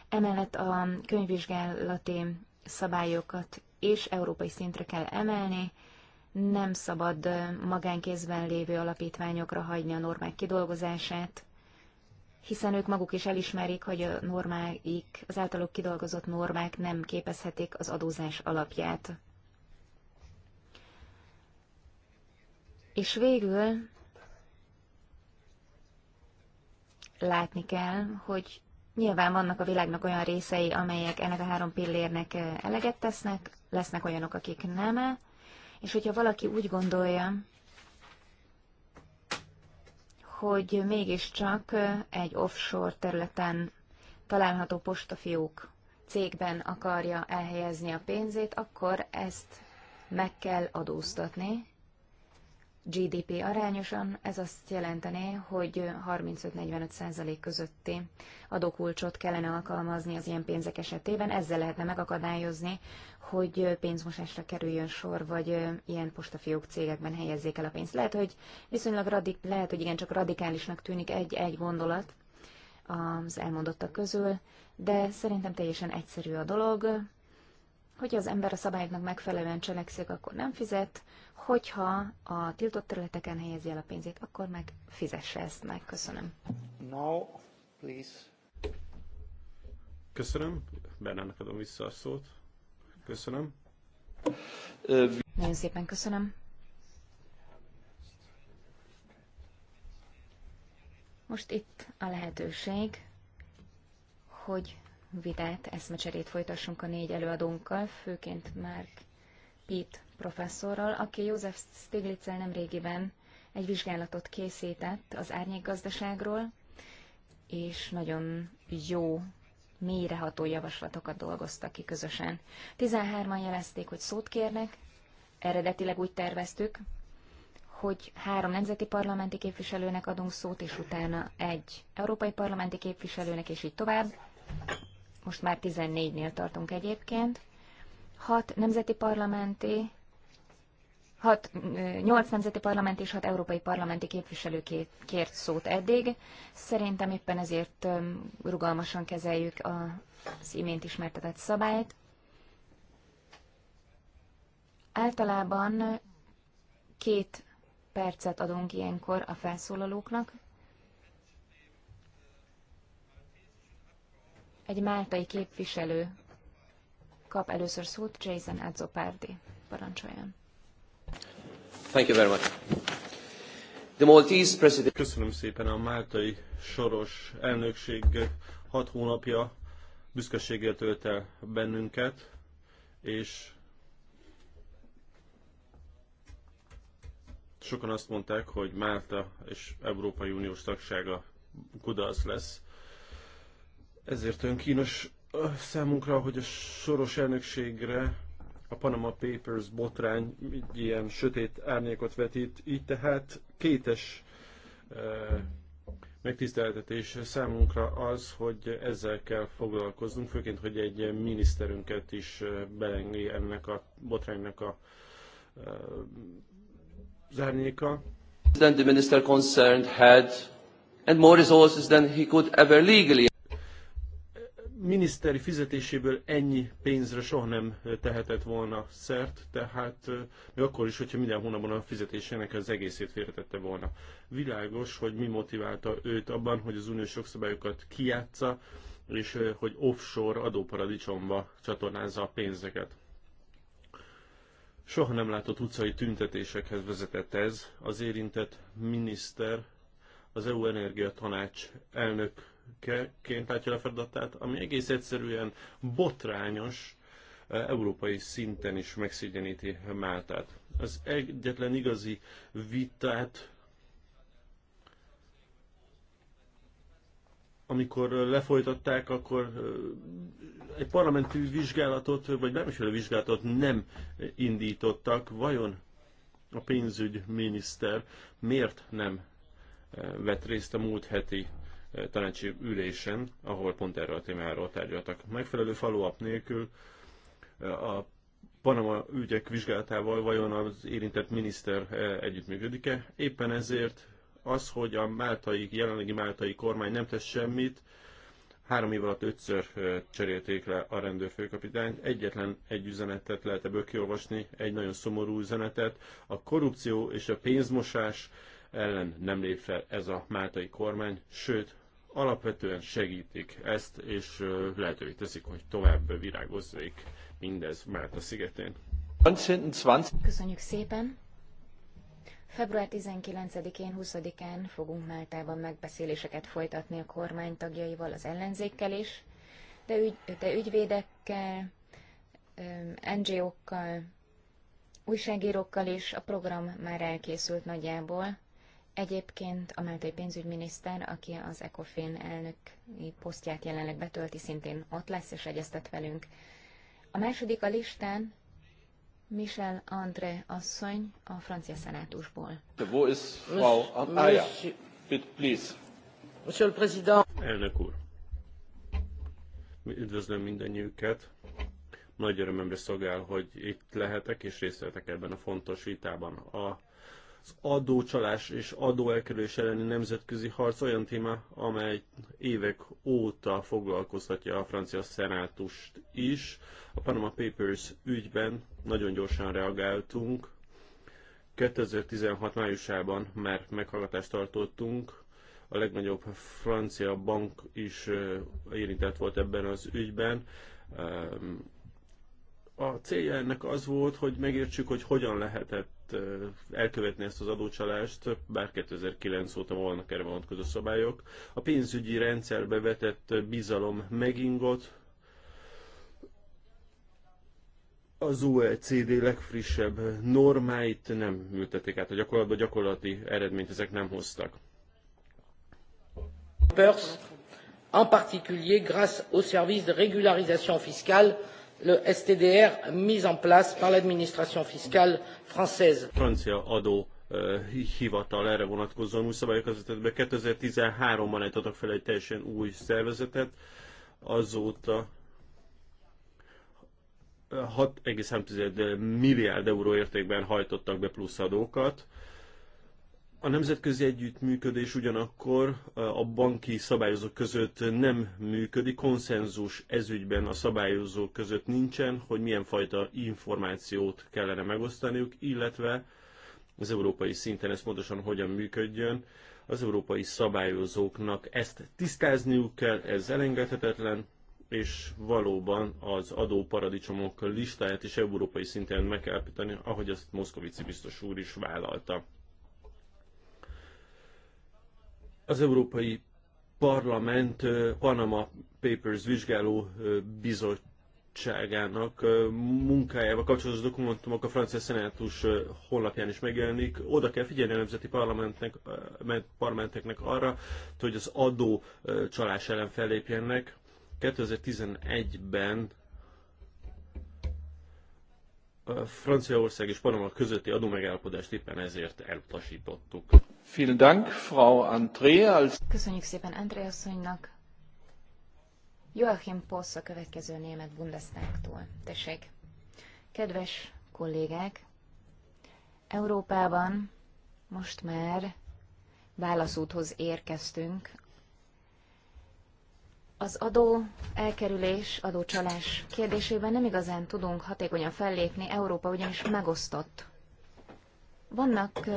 Emellett a könyvvizsgálati szabályokat és európai szintre kell emelni, nem szabad magánkézben lévő alapítványokra hagyni a normák kidolgozását, hiszen ők maguk is elismerik, hogy a normáik, az általuk kidolgozott normák nem képezhetik az adózás alapját. És végül látni kell, hogy nyilván vannak a világnak olyan részei, amelyek ennek a három pillérnek eleget tesznek, lesznek olyanok, akik nem, -e, és hogyha valaki úgy gondolja, hogy mégiscsak egy offshore területen található postafiók cégben akarja elhelyezni a pénzét, akkor ezt meg kell adóztatni, GDP arányosan, ez azt jelentené, hogy 35-45 százalék közötti adókulcsot kellene alkalmazni az ilyen pénzek esetében. Ezzel lehetne megakadályozni, hogy pénzmosásra kerüljön sor, vagy ilyen postafiók cégekben helyezzék el a pénzt. Lehet, hogy viszonylag radik, lehet, hogy igen, csak radikálisnak tűnik egy-egy gondolat az elmondottak közül, de szerintem teljesen egyszerű a dolog. Hogyha az ember a szabályoknak megfelelően cselekszik, akkor nem fizet, hogyha a tiltott területeken helyezi el a pénzét, akkor meg fizesse ezt meg. Köszönöm. No, please. Köszönöm. Bernának adom vissza a szót. Köszönöm. Nagyon szépen köszönöm. Most itt a lehetőség, hogy vitát, eszmecserét folytassunk a négy előadónkkal, főként már Pete professzorral, aki József Stiglitzel nemrégiben egy vizsgálatot készített az árnyékgazdaságról, és nagyon jó, mélyreható javaslatokat dolgoztak ki közösen. 13-an jelezték, hogy szót kérnek, eredetileg úgy terveztük, hogy három nemzeti parlamenti képviselőnek adunk szót, és utána egy európai parlamenti képviselőnek, és így tovább. Most már 14-nél tartunk egyébként. Hat nemzeti parlamenti Hat, nyolc nemzeti parlament és hat európai parlamenti képviselő kért szót eddig. Szerintem éppen ezért rugalmasan kezeljük az imént ismertetett szabályt. Általában két percet adunk ilyenkor a felszólalóknak. Egy máltai képviselő kap először szót, Jason Azzopárdi. Parancsoljon. Thank you very much. The Maltese president... Köszönöm szépen a máltai soros elnökség hat hónapja büszkeséggel tölt el bennünket, és sokan azt mondták, hogy Málta és Európai Uniós tagsága kudarc lesz. Ezért olyan kínos számunkra, hogy a soros elnökségre a Panama Papers botrány egy ilyen sötét árnyékot vetít, így tehát kétes eh, megtiszteltetés számunkra az, hogy ezzel kell foglalkoznunk, főként, hogy egy miniszterünket is eh, belengi ennek a botránynak a eh, zárnyéka. Then the minister concerned had and more resources than he could ever legally miniszteri fizetéséből ennyi pénzre soha nem tehetett volna szert, tehát még akkor is, hogyha minden hónapban a fizetésének az egészét félretette volna. Világos, hogy mi motiválta őt abban, hogy az uniós jogszabályokat kiátsza, és hogy offshore adóparadicsomba csatornázza a pénzeket. Soha nem látott utcai tüntetésekhez vezetett ez. Az érintett miniszter az EU Energia Tanács elnök ként látja a feladatát, ami egész egyszerűen botrányos, e, európai szinten is megszégyeníti Máltát. Az egyetlen igazi vitát, amikor lefolytatták, akkor e, egy parlamenti vizsgálatot, vagy a vizsgálatot nem indítottak. Vajon a pénzügyminiszter miért nem e, vett részt a múlt heti Eh, tanácsi ülésen, ahol pont erről a témáról tárgyaltak. Megfelelő follow-up nélkül eh, a Panama ügyek vizsgálatával vajon az érintett miniszter eh, együttműködik-e? Éppen ezért az, hogy a máltai, jelenlegi máltai kormány nem tesz semmit, három év alatt ötször cserélték le a rendőrfőkapitányt. Egyetlen egy üzenetet lehet ebből kiolvasni, egy nagyon szomorú üzenetet. A korrupció és a pénzmosás ellen nem lép fel ez a máltai kormány, sőt, alapvetően segítik ezt, és lehetővé teszik, hogy tovább virágozzék mindez Málta szigetén. Köszönjük szépen! Február 19-én, 20-án fogunk Máltában megbeszéléseket folytatni a kormány tagjaival, az ellenzékkel is, de, ügy, de ügyvédekkel, NGO-kkal, újságírókkal is. A program már elkészült nagyjából. Egyébként a máltai pénzügyminiszter, aki az ECOFIN elnök posztját jelenleg betölti, szintén ott lesz és egyeztet velünk. A második a listán Michel André asszony a francia szenátusból. Frau Bitte, please. Monsieur le Président. Elnök úr. Üdvözlöm mindennyiüket! Nagy örömömre szolgál, hogy itt lehetek és részt vettek ebben a fontos vitában. A az adócsalás és adóelkerülés elleni nemzetközi harc olyan téma, amely évek óta foglalkoztatja a francia szenátust is. A Panama Papers ügyben nagyon gyorsan reagáltunk. 2016 májusában már meghallgatást tartottunk, a legnagyobb francia bank is érintett volt ebben az ügyben. A célja ennek az volt, hogy megértsük, hogy hogyan lehetett elkövetni ezt az adócsalást, bár 2009 óta volnak erre vonatkozó szabályok. A pénzügyi rendszerbe vetett bizalom megingott, az OECD legfrissebb normáit nem ültették át a gyakorlatba, gyakorlati eredményt ezek nem hoztak. en particulier grâce au service de régularisation fiscale le STDR mis en place par l'administration fiscale française. Francia adó hivatal erre vonatkozóan új szabályokat vezetett be. 2013-ban állítottak fel egy teljesen új szervezetet, azóta 6,3 milliárd euró értékben hajtottak be plusz adókat. A nemzetközi együttműködés ugyanakkor a banki szabályozók között nem működik, konszenzus ezügyben a szabályozók között nincsen, hogy milyen fajta információt kellene megosztaniuk, illetve az európai szinten ez pontosan hogyan működjön. Az európai szabályozóknak ezt tisztázniuk kell, ez elengedhetetlen, és valóban az adóparadicsomok listáját is európai szinten meg kell állítani, ahogy azt Moszkovici biztos úr is vállalta. Az Európai Parlament Panama Papers vizsgáló bizottságának munkájával kapcsolatos dokumentumok a francia szenátus honlapján is megjelenik. Oda kell figyelni a nemzeti parlamentnek, parlamenteknek arra, hogy az adó csalás ellen fellépjenek. 2011-ben Franciaország és Panama közötti adómegállapodást éppen ezért elutasítottuk. Vielen Dank, Frau André. Als... Köszönjük szépen André asszonynak. Joachim Possz a következő német Bundestagtól. Tessék! Kedves kollégák! Európában most már válaszúthoz érkeztünk az adó elkerülés, adócsalás kérdésében nem igazán tudunk hatékonyan fellépni, Európa ugyanis megosztott. Vannak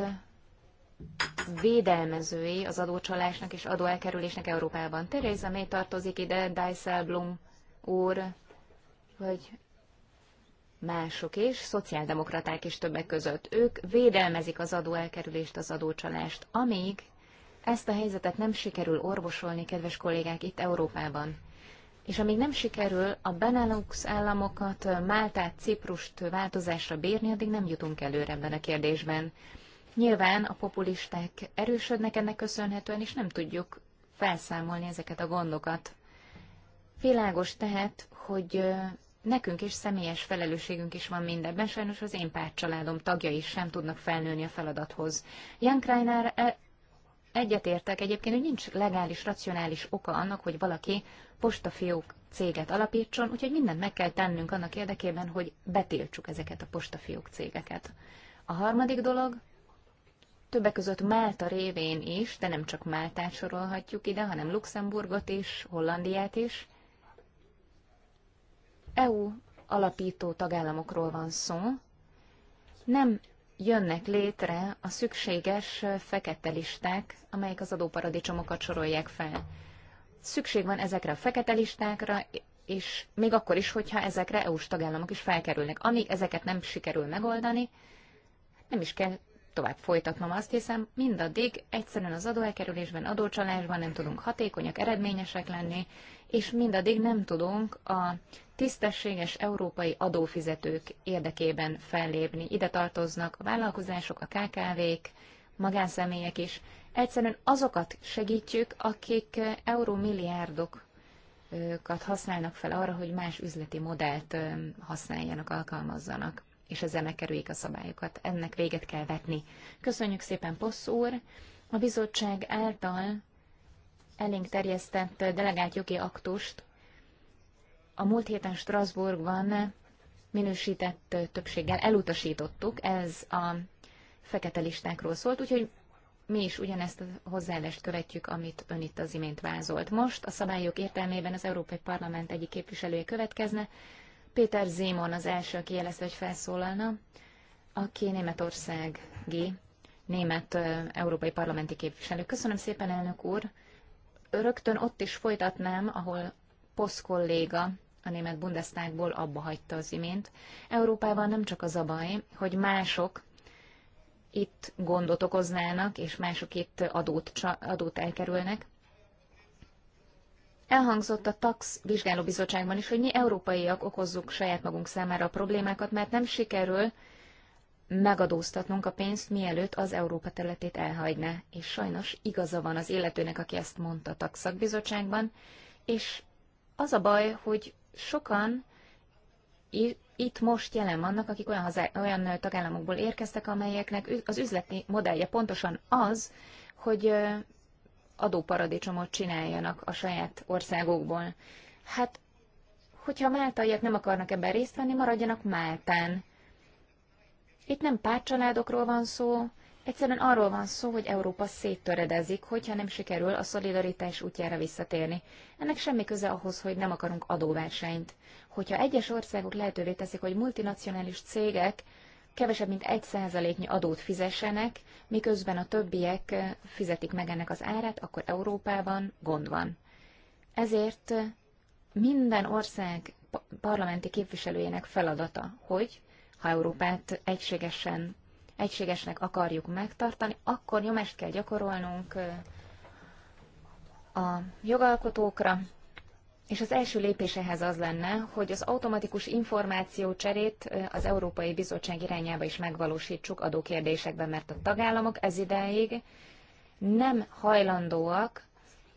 védelmezői az adócsalásnak és adóelkerülésnek Európában. Theresa May tartozik ide, Dijsselbloem úr, vagy mások is, szociáldemokraták is többek között. Ők védelmezik az adóelkerülést, az adócsalást, amíg ezt a helyzetet nem sikerül orvosolni, kedves kollégák, itt Európában. És amíg nem sikerül a Benelux államokat, Máltát, Ciprust változásra bírni, addig nem jutunk előre ebben a kérdésben. Nyilván a populisták erősödnek ennek köszönhetően, és nem tudjuk felszámolni ezeket a gondokat. Világos tehát, hogy nekünk is személyes felelősségünk is van mindebben, sajnos az én pártcsaládom tagjai is sem tudnak felnőni a feladathoz. Jan Kreiner e, Egyetértek egyébként, hogy nincs legális, racionális oka annak, hogy valaki postafiók céget alapítson, úgyhogy mindent meg kell tennünk annak érdekében, hogy betiltsuk ezeket a postafiók cégeket. A harmadik dolog, többek között Málta révén is, de nem csak Máltát sorolhatjuk ide, hanem Luxemburgot is, Hollandiát is. EU alapító tagállamokról van szó. Nem jönnek létre a szükséges fekete listák, amelyek az adóparadicsomokat sorolják fel. Szükség van ezekre a fekete listákra, és még akkor is, hogyha ezekre EU-s tagállamok is felkerülnek. Amíg ezeket nem sikerül megoldani, nem is kell tovább folytatnom azt, hiszen mindaddig egyszerűen az adóelkerülésben, adócsalásban nem tudunk hatékonyak, eredményesek lenni, és mindaddig nem tudunk a tisztességes európai adófizetők érdekében fellépni. Ide tartoznak a vállalkozások, a KKV-k, magánszemélyek is. Egyszerűen azokat segítjük, akik eurómilliárdokat használnak fel arra, hogy más üzleti modellt használjanak, alkalmazzanak és ezzel megkerüljék a szabályokat. Ennek véget kell vetni. Köszönjük szépen, Possz úr! A bizottság által elénk terjesztett delegált jogi aktust a múlt héten Strasbourgban minősített többséggel elutasítottuk, ez a fekete listákról szólt, úgyhogy mi is ugyanezt a hozzáállást követjük, amit ön itt az imént vázolt. Most a szabályok értelmében az Európai Parlament egyik képviselője következne. Péter Zémon az első, aki jelezte, hogy felszólalna, aki Németországi német európai parlamenti képviselő. Köszönöm szépen, elnök úr! Rögtön ott is folytatnám, ahol poszkolléga kolléga a német Bundestagból abba hagyta az imént. Európában nem csak az a baj, hogy mások itt gondot okoznának, és mások itt adót, adót elkerülnek. Elhangzott a TAX vizsgálóbizottságban is, hogy mi európaiak okozzuk saját magunk számára a problémákat, mert nem sikerül megadóztatnunk a pénzt, mielőtt az Európa területét elhagyna. És sajnos igaza van az életőnek, aki ezt mondta a szakbizottságban, és az a baj, hogy sokan itt most jelen vannak, akik olyan, haza, olyan tagállamokból érkeztek, amelyeknek az üzleti modellje pontosan az, hogy adóparadicsomot csináljanak a saját országokból. Hát, hogyha a máltaiak nem akarnak ebben részt venni, maradjanak Máltán. Itt nem pártcsaládokról van szó, Egyszerűen arról van szó, hogy Európa széttöredezik, hogyha nem sikerül a szolidaritás útjára visszatérni. Ennek semmi köze ahhoz, hogy nem akarunk adóversenyt. Hogyha egyes országok lehetővé teszik, hogy multinacionális cégek kevesebb mint 1 százaléknyi adót fizessenek, miközben a többiek fizetik meg ennek az árát, akkor Európában gond van. Ezért minden ország parlamenti képviselőjének feladata, hogy ha Európát egységesen egységesnek akarjuk megtartani, akkor nyomást kell gyakorolnunk a jogalkotókra, és az első lépés ehhez az lenne, hogy az automatikus információcserét az Európai Bizottság irányába is megvalósítsuk adókérdésekben, mert a tagállamok ez ideig nem hajlandóak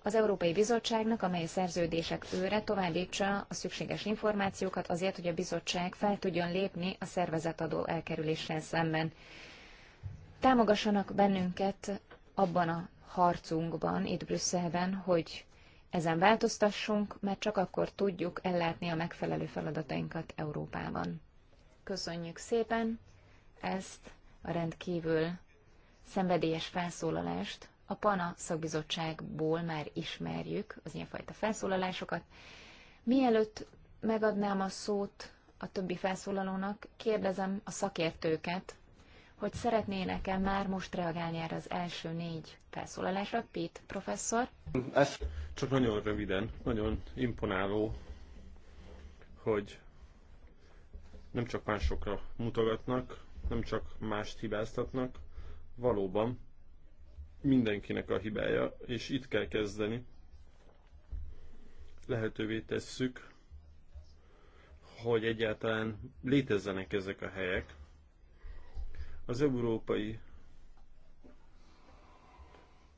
az Európai Bizottságnak, amely a szerződések őre továbbítsa a szükséges információkat azért, hogy a bizottság fel tudjon lépni a szervezetadó elkerüléssel szemben támogassanak bennünket abban a harcunkban itt Brüsszelben, hogy ezen változtassunk, mert csak akkor tudjuk ellátni a megfelelő feladatainkat Európában. Köszönjük szépen ezt a rendkívül szenvedélyes felszólalást. A PANA szakbizottságból már ismerjük az ilyenfajta felszólalásokat. Mielőtt megadnám a szót a többi felszólalónak, kérdezem a szakértőket, hogy szeretnének-e már most reagálni erre az első négy felszólalásra. Pete professzor? Ez csak nagyon röviden, nagyon imponáló, hogy nem csak másokra mutogatnak, nem csak mást hibáztatnak, valóban mindenkinek a hibája, és itt kell kezdeni. Lehetővé tesszük, hogy egyáltalán létezzenek ezek a helyek, az Európai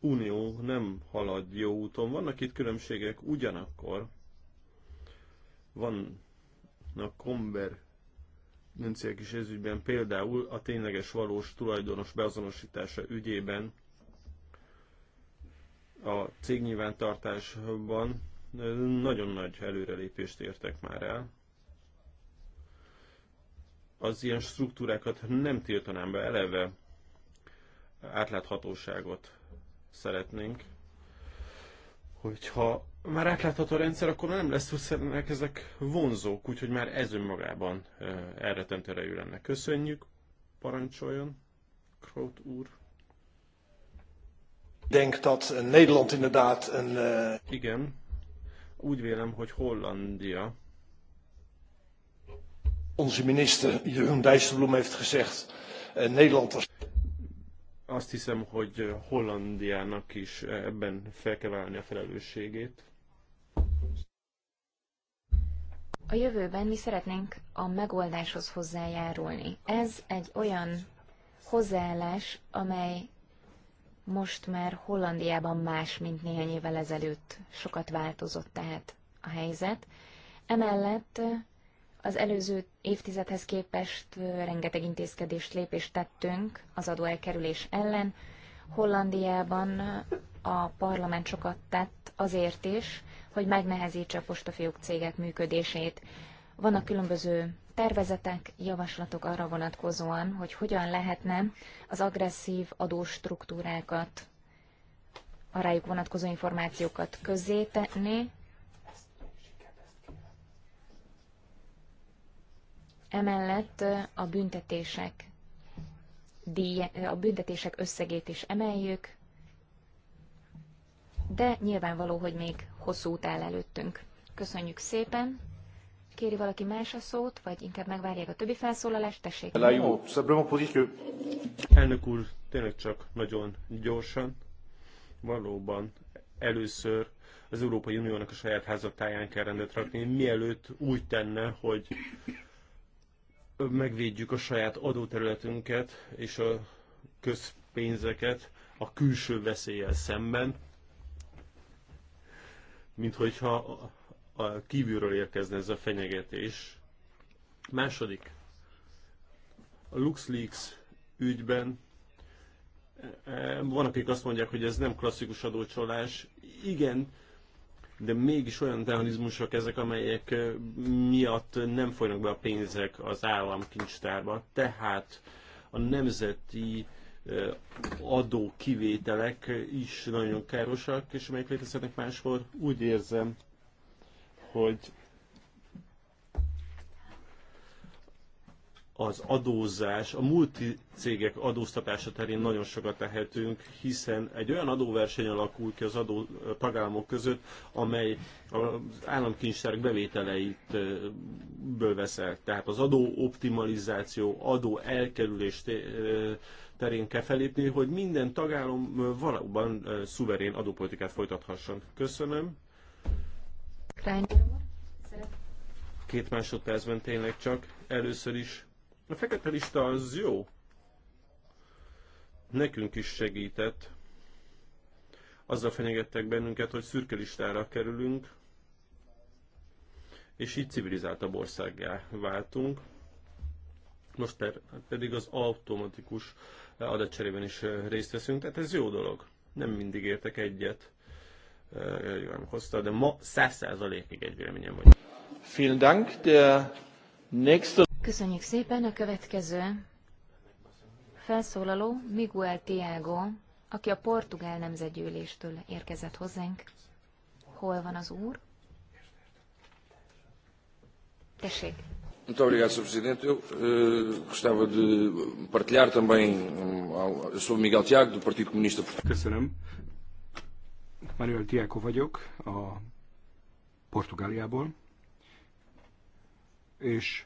Unió nem halad jó úton. Vannak itt különbségek, ugyanakkor vannak komber nönciek is ezügyben, például a tényleges valós tulajdonos beazonosítása ügyében a cégnyilvántartásban nagyon nagy előrelépést értek már el az ilyen struktúrákat nem tiltanám be, eleve átláthatóságot szeretnénk. Hogyha már átlátható a rendszer, akkor nem lesz, hogy szerintem ezek vonzók, úgyhogy már ez önmagában elretentő erejű lenne. Köszönjük, parancsoljon, Kraut úr. Denk dat eh, Nederland inderdaad een... Eh, Igen, úgy vélem, hogy Hollandia Onze minister Jeroen Dijsselbloem heeft gezegd, uh, Nederland was... Azt hiszem, hogy Hollandiának is eh, ebben fel kell válni a felelősségét. A jövőben mi szeretnénk a megoldáshoz hozzájárulni. Ez egy olyan hozzáállás, amely most már Hollandiában más, mint néhány évvel ezelőtt. Sokat változott tehát a helyzet. Emellett eh, az előző évtizedhez képest rengeteg intézkedést, lépést tettünk az adóelkerülés ellen. Hollandiában a parlament sokat tett azért is, hogy megnehezítse a postafiók cégek működését. Vannak különböző tervezetek, javaslatok arra vonatkozóan, hogy hogyan lehetne az agresszív adóstruktúrákat, a rájuk vonatkozó információkat közzétenni, Emellett a büntetések, a büntetések összegét is emeljük, de nyilvánvaló, hogy még hosszú út áll előttünk. Köszönjük szépen! Kéri valaki más a szót, vagy inkább megvárják a többi felszólalást? Tessék! Elnök úr, tényleg csak nagyon gyorsan. Valóban először az Európai Uniónak a saját házatáján kell rendet rakni, mielőtt úgy tenne, hogy megvédjük a saját adóterületünket és a közpénzeket a külső veszéllyel szemben, mint hogyha a kívülről érkezne ez a fenyegetés. Második, a LuxLeaks ügyben eh, eh, van, akik azt mondják, hogy ez nem klasszikus adócsolás. Igen, de mégis olyan mechanizmusok ezek, amelyek miatt nem folynak be a pénzek az államkincstárba, tehát a nemzeti adókivételek is nagyon károsak, és amelyek létezhetnek máshol. Úgy érzem, hogy az adózás, a cégek adóztatása terén nagyon sokat tehetünk, hiszen egy olyan adóverseny alakul ki az adó tagállamok között, amely az államkincstárok bevételeit ből Tehát az adó optimalizáció, adó elkerülés terén kell felépni, hogy minden tagállam valóban szuverén adópolitikát folytathasson. Köszönöm. Két másodpercben tényleg csak. Először is a fekete lista az jó. Nekünk is segített. Azzal fenyegettek bennünket, hogy szürke listára kerülünk, és így civilizáltabb országgá váltunk. Most pedig az automatikus adatcserében is eh, részt veszünk, tehát ez jó dolog. Nem mindig értek egyet eh, Jövőm hozta, de ma száz százalékig egy véleményem vagy. Vielen Dank. Der nächste... Köszönjük szépen. A következő felszólaló Miguel Tiago, aki a portugál nemzetgyűléstől érkezett hozzánk. Hol van az úr? Tessék. Muito obrigado, Sr. Presidente. Eu uh, gostava de partilhar também. Um, eu sou Miguel Tiago, do Partido Comunista Português. Köszönöm. Manuel Tiago vagyok, a Portugáliából, és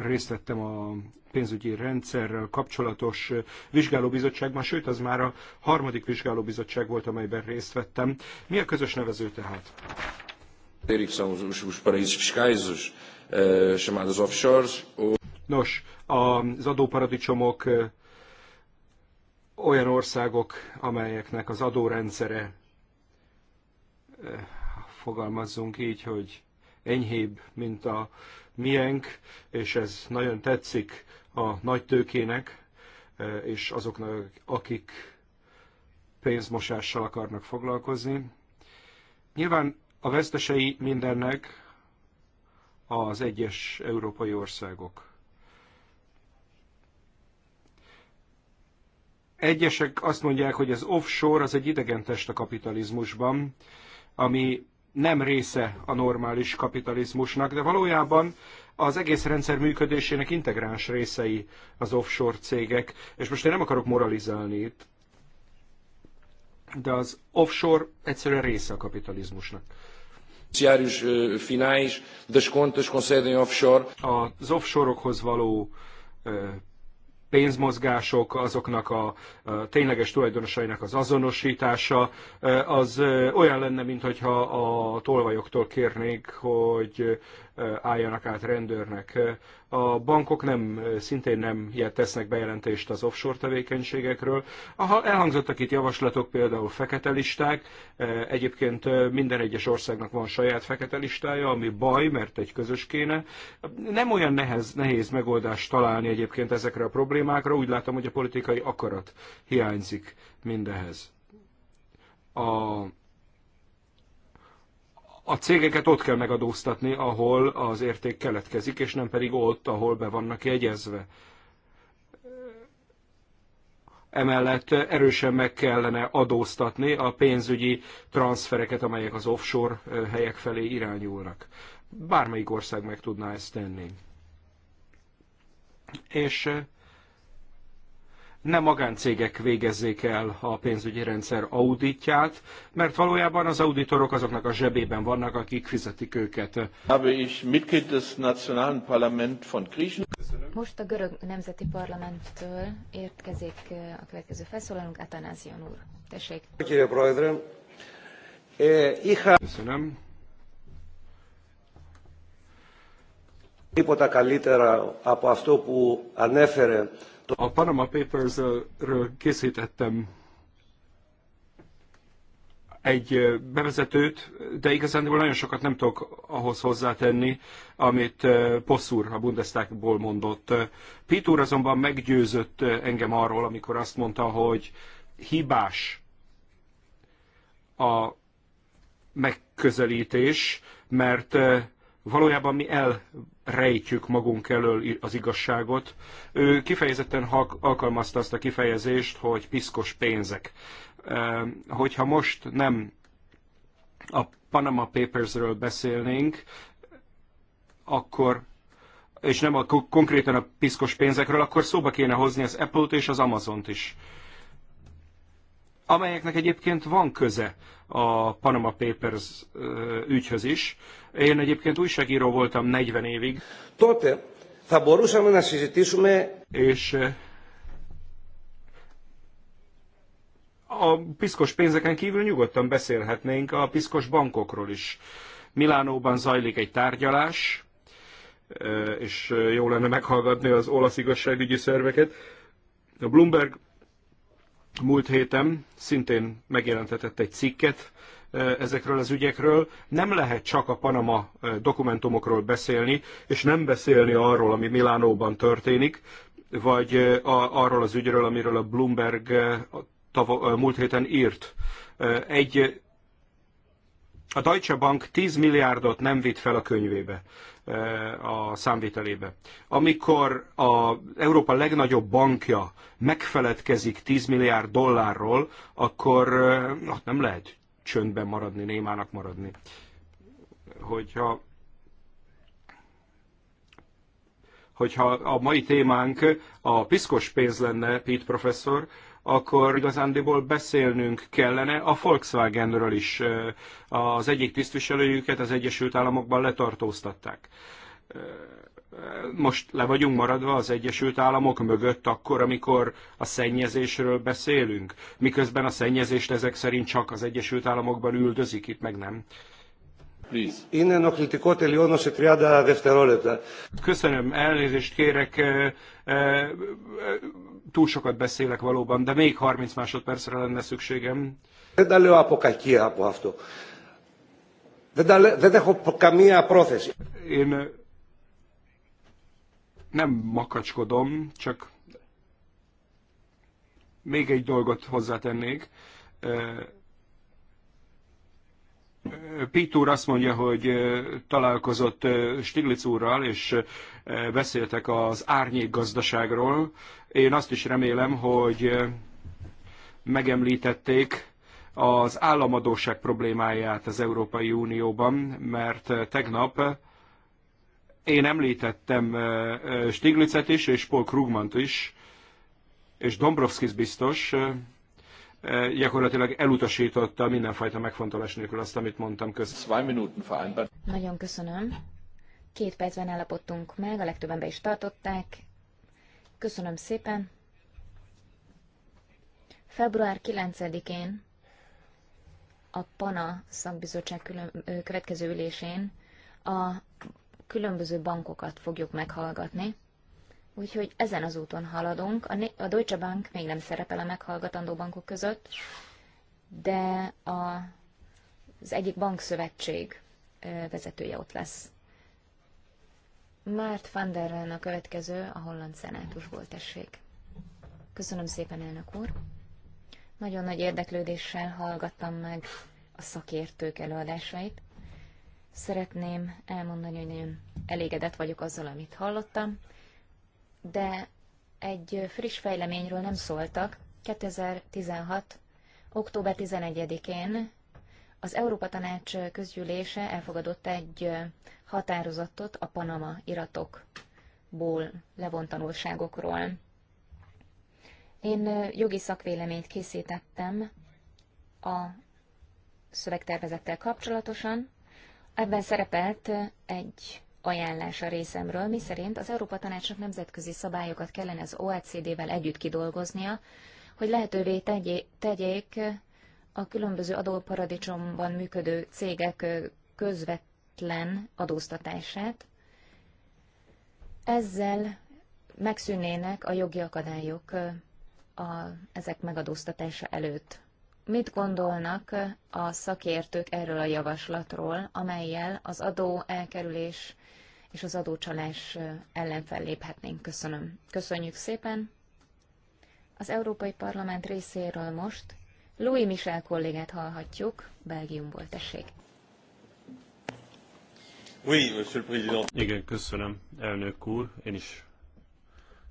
részt vettem a pénzügyi rendszerrel kapcsolatos vizsgálóbizottságban, sőt, az már a harmadik vizsgálóbizottság volt, amelyben részt vettem. Mi a közös nevező tehát? Nos, az adóparadicsomok olyan országok, amelyeknek az adórendszere, eh, fogalmazzunk így, hogy enyhébb, mint a miénk, és ez nagyon tetszik a nagy tőkének, e, és azoknak, akik pénzmosással akarnak foglalkozni. Nyilván a vesztesei mindennek az egyes európai országok. Egyesek azt mondják, hogy az offshore az egy idegen test a kapitalizmusban, ami nem része a normális kapitalizmusnak, de valójában az egész rendszer működésének integráns részei az offshore cégek, és most én nem akarok moralizálni itt, de az offshore egyszerűen része a kapitalizmusnak. Finális finais das contas concedem offshore. Az offshore-okhoz való pénzmozgások, azoknak a, tényleges tulajdonosainak az azonosítása, az olyan lenne, mintha a tolvajoktól kérnék, hogy álljanak át rendőrnek. A bankok nem, szintén nem ilyet tesznek bejelentést az offshore tevékenységekről. Aha, elhangzottak itt javaslatok, például fekete listák. Egyébként minden egyes országnak van saját fekete listája, ami baj, mert egy közös kéne. Nem olyan nehez, nehéz megoldást találni egyébként ezekre a problémákra. Úgy látom, hogy a politikai akarat hiányzik mindehez. A a cégeket ott kell megadóztatni, ahol az érték keletkezik, és nem pedig ott, ahol be vannak jegyezve. Emellett erősen meg kellene adóztatni a pénzügyi transfereket, amelyek az offshore helyek felé irányulnak. Bármelyik ország meg tudná ezt tenni. És ne magáncégek végezzék el a pénzügyi rendszer auditját, mert valójában az auditorok azoknak a zsebében vannak, akik fizetik őket. Most a görög nemzeti parlamenttől érkezik a következő felszólalunk, Atanázion úr. Tessék. Köszönöm. Τίποτα καλύτερα από αυτό που a Panama Papers-ről készítettem egy bevezetőt, de igazán nagyon sokat nem tudok ahhoz hozzátenni, amit Posszúr a Bundestagból mondott. Pitúr azonban meggyőzött engem arról, amikor azt mondta, hogy hibás a megközelítés, mert valójában mi el rejtjük magunk elől az igazságot. Ő kifejezetten alkalmazta azt a kifejezést, hogy piszkos pénzek. Hogyha most nem a Panama Papersről beszélnénk, akkor és nem a, konkrétan a piszkos pénzekről, akkor szóba kéne hozni az Apple-t és az Amazon-t is amelyeknek egyébként van köze a Panama Papers ügyhöz is. Én egyébként újságíró voltam 40 évig. ha θα μπορούσαμε να συζητήσουμε... És a piszkos pénzeken kívül nyugodtan beszélhetnénk a piszkos bankokról is. Milánóban zajlik egy tárgyalás, és jó lenne meghallgatni az olasz igazságügyi szerveket. A Bloomberg múlt héten szintén megjelentetett egy cikket e, ezekről az ügyekről. Nem lehet csak a Panama e, dokumentumokról beszélni, és nem beszélni arról, ami Milánóban történik, vagy e, a, arról az ügyről, amiről a Bloomberg a, múlt héten írt. Egy a Deutsche Bank 10 milliárdot nem vitt fel a könyvébe, e, a számvitelébe. Amikor az Európa legnagyobb bankja megfeledkezik 10 milliárd dollárról, akkor e, na, nem lehet csöndben maradni, némának maradni. Hogyha hogyha a mai témánk a piszkos pénz lenne, Pete professzor, akkor igazándiból beszélnünk kellene a Volkswagenről is. Az egyik tisztviselőjüket az Egyesült Államokban letartóztatták most le vagyunk maradva az Egyesült Államok mögött akkor, amikor a szennyezésről beszélünk, miközben a szennyezést ezek szerint csak az Egyesült Államokban üldözik, itt meg nem. Köszönöm, elnézést kérek, túl sokat beszélek valóban, de még 30 másodpercre lenne szükségem. Én nem makacskodom, csak még egy dolgot hozzátennék. Pitúr azt mondja, hogy találkozott Stiglitz úrral, és beszéltek az árnyék gazdaságról. Én azt is remélem, hogy eh, megemlítették az államadóság problémáját az Európai Unióban, mert eh, tegnap eh, én említettem Stiglicet is, és Paul Krugmant is, és Dombrovskis biztos gyakorlatilag elutasította mindenfajta megfontolás nélkül azt, amit mondtam közben. Nagyon köszönöm. Két percben állapodtunk meg, a legtöbben be is tartották, Köszönöm szépen. Február 9-én a PANA szakbizottság következő ülésén a különböző bankokat fogjuk meghallgatni. Úgyhogy ezen az úton haladunk. A, a Deutsche Bank még nem szerepel a meghallgatandó bankok között, de a, az egyik bankszövetség vezetője ott lesz. Márt van der Laan a következő a holland szenátusból tessék. Köszönöm szépen, elnök úr. Nagyon nagy érdeklődéssel hallgattam meg a szakértők előadásait. Szeretném elmondani, hogy nagyon elégedett vagyok azzal, amit hallottam, de egy friss fejleményről nem szóltak. 2016. október 11-én az Európa Tanács közgyűlése elfogadott egy határozatot a Panama iratokból levont tanulságokról. Én jogi szakvéleményt készítettem a szövegtervezettel kapcsolatosan. Ebben szerepelt egy a részemről, miszerint az Európa Tanácsnak nemzetközi szabályokat kellene az OECD-vel együtt kidolgoznia, hogy lehetővé tegyék a különböző adóparadicsomban működő cégek közvetlen adóztatását. Ezzel megszűnének a jogi akadályok a, ezek megadóztatása előtt. Mit gondolnak a szakértők erről a javaslatról, amelyel az adó elkerülés és az adócsalás ellen felléphetnénk? Köszönöm. Köszönjük szépen. Az Európai Parlament részéről most Louis Michel kollégát hallhatjuk, Belgiumból tessék. Oui, monsieur le président. Igen, köszönöm, elnök úr. Én is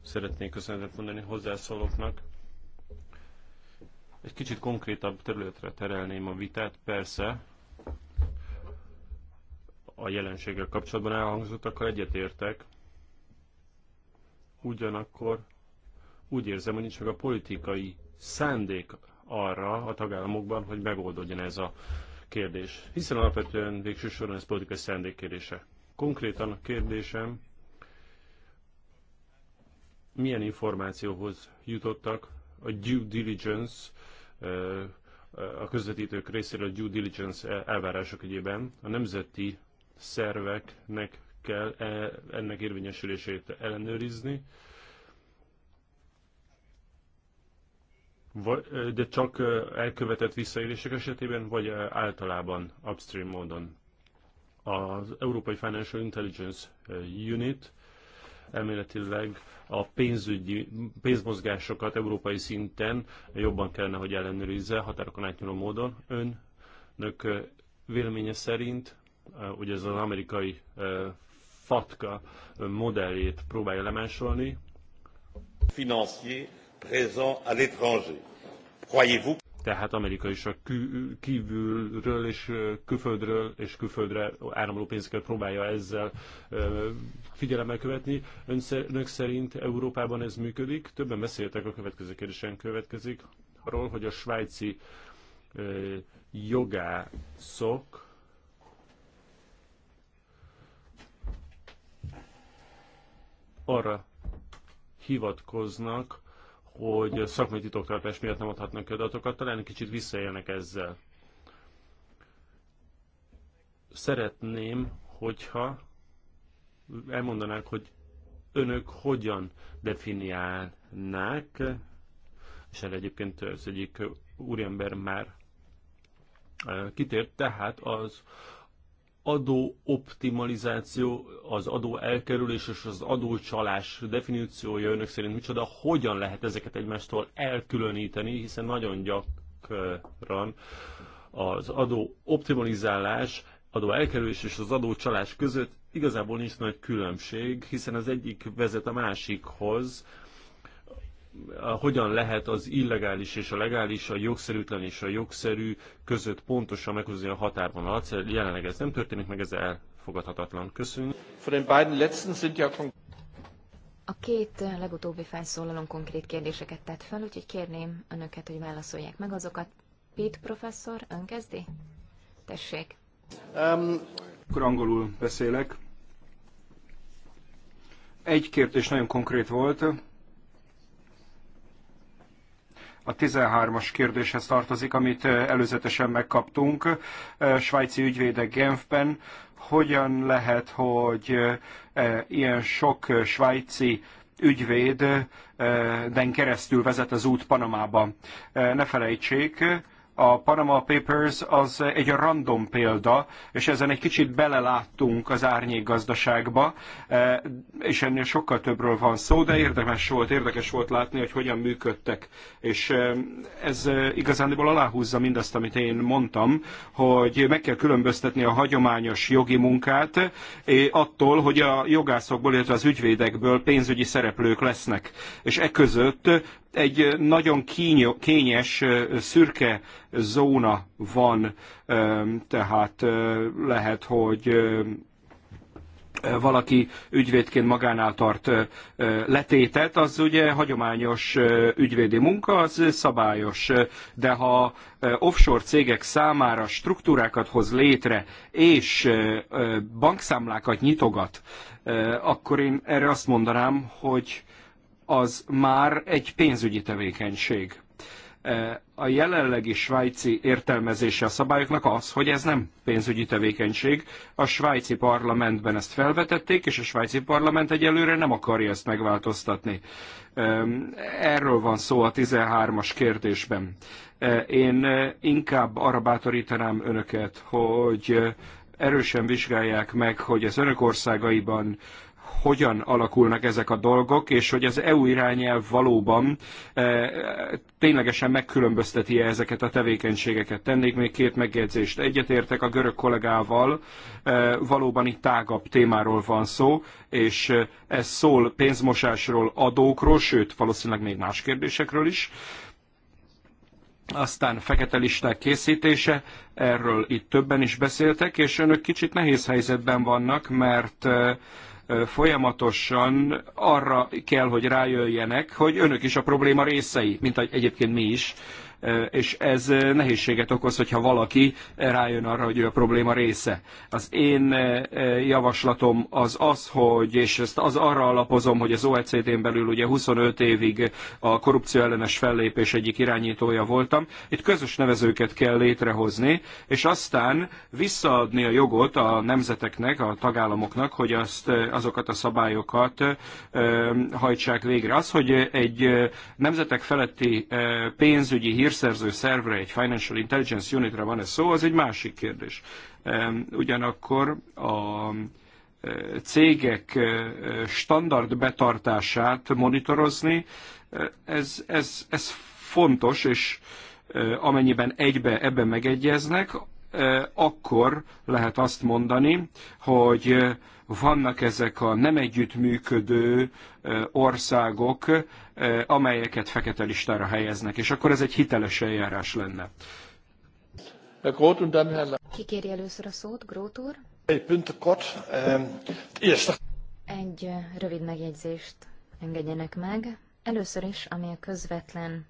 szeretnék köszönetet mondani hozzászólóknak. Egy kicsit konkrétabb területre terelném a vitát, persze a jelenséggel kapcsolatban elhangzottakkal egyetértek, ugyanakkor úgy érzem, hogy nincs meg a politikai szándék arra a tagállamokban, hogy megoldódjon ez a kérdés. Hiszen alapvetően végső soron ez politikai szándék kérdése. Konkrétan a kérdésem, milyen információhoz jutottak a due diligence, a közvetítők részéről a due diligence elvárások egyében a nemzeti szerveknek kell e, ennek érvényesülését ellenőrizni, de csak elkövetett visszaélések esetében, vagy általában upstream módon. Az Európai Financial Intelligence Unit elméletileg a pénzügyi, pénzmozgásokat európai szinten jobban kellene, hogy ellenőrizze határokon átnyúló módon. Önök véleménye szerint, ugye ez az amerikai FATKA modelljét próbálja lemásolni présents à l'étranger. Croyez-vous tehát Amerika is a kívülről és külföldről és külföldre áramló pénzeket próbálja ezzel figyelemmel követni. Önök szerint Európában ez működik? Többen beszéltek, a következő kérdésen következik arról, hogy a svájci jogászok arra hivatkoznak, hogy szakmai titoktartás miatt nem adhatnak ki adatokat, talán egy kicsit visszaélnek ezzel. Szeretném, hogyha elmondanák, hogy önök hogyan definiálnák, és erre egyébként az egyik úriember már eh, kitért, tehát az adó optimalizáció, az adó elkerülés és az adócsalás definíciója önök szerint micsoda, hogyan lehet ezeket egymástól elkülöníteni, hiszen nagyon gyakran az adó optimalizálás, adó elkerülés és az adócsalás között igazából nincs nagy különbség, hiszen az egyik vezet a másikhoz, hogyan lehet az illegális és a legális, a jogszerűtlen és a jogszerű között pontosan meghozni a határvonalat. Jelenleg ez nem történik meg, ez elfogadhatatlan. Köszönjük. A két legutóbbi felszólalón konkrét kérdéseket tett fel, úgyhogy kérném önöket, hogy válaszolják meg azokat. Pete professzor, ön kezdi? Tessék. Um, akkor angolul beszélek. Egy kérdés nagyon konkrét volt a 13-as kérdéshez tartozik, amit előzetesen megkaptunk svájci ügyvédek Genfben. Hogyan lehet, hogy ilyen sok svájci ügyvéd den keresztül vezet az út Panamába? Ne felejtsék, a Panama Papers az egy random példa, és ezen egy kicsit beleláttunk az árnyék gazdaságba, e, és ennél sokkal többről van szó, de érdemes volt, érdekes volt látni, hogy hogyan működtek. És e, ez igazándiból aláhúzza mindazt, amit én mondtam, hogy meg kell különböztetni a hagyományos jogi munkát e, attól, hogy a jogászokból, illetve az ügyvédekből pénzügyi szereplők lesznek. És e között egy nagyon kényes szürke zóna van, tehát lehet, hogy valaki ügyvédként magánál tart letétet, az ugye hagyományos ügyvédi munka, az szabályos. De ha offshore cégek számára struktúrákat hoz létre, és bankszámlákat nyitogat, akkor én erre azt mondanám, hogy az már egy pénzügyi tevékenység. E, a jelenlegi svájci értelmezése a szabályoknak az, hogy ez nem pénzügyi tevékenység. A svájci parlamentben ezt felvetették, és a svájci parlament egyelőre nem akarja ezt megváltoztatni. E, erről van szó a 13-as kérdésben. E, én inkább arra bátorítanám önöket, hogy erősen vizsgálják meg, hogy az önök országaiban hogyan alakulnak ezek a dolgok, és hogy az EU irányelv valóban eh, ténylegesen megkülönbözteti -e ezeket a tevékenységeket. Tennék még két megjegyzést. Egyetértek a görög kollégával, eh, valóban itt tágabb témáról van szó, és eh, ez szól pénzmosásról, adókról, sőt, valószínűleg még más kérdésekről is aztán fekete listák készítése, erről itt többen is beszéltek, és önök kicsit nehéz helyzetben vannak, mert folyamatosan arra kell, hogy rájöjjenek, hogy önök is a probléma részei, mint egyébként mi is és ez nehézséget okoz, hogyha valaki rájön arra, hogy ő a probléma része. Az én javaslatom az az, hogy, és ezt az arra alapozom, hogy az OECD-n belül ugye 25 évig a korrupció ellenes fellépés egyik irányítója voltam, itt közös nevezőket kell létrehozni, és aztán visszaadni a jogot a nemzeteknek, a tagállamoknak, hogy azt, azokat a szabályokat hajtsák végre. Az, hogy egy nemzetek feletti pénzügyi hír hírszerző szervre, egy Financial Intelligence Unitre van ez szó, az egy másik kérdés. Ugyanakkor a e, cégek e, standard betartását monitorozni, e, ez, ez, ez fontos, és amennyiben egybe ebben megegyeznek, akkor lehet azt mondani, hogy vannak ezek a nem együttműködő országok, amelyeket fekete listára helyeznek, és akkor ez egy hiteles eljárás lenne. Ki kéri először a szót, Grót úr? Egy rövid megjegyzést engedjenek meg. Először is, ami a közvetlen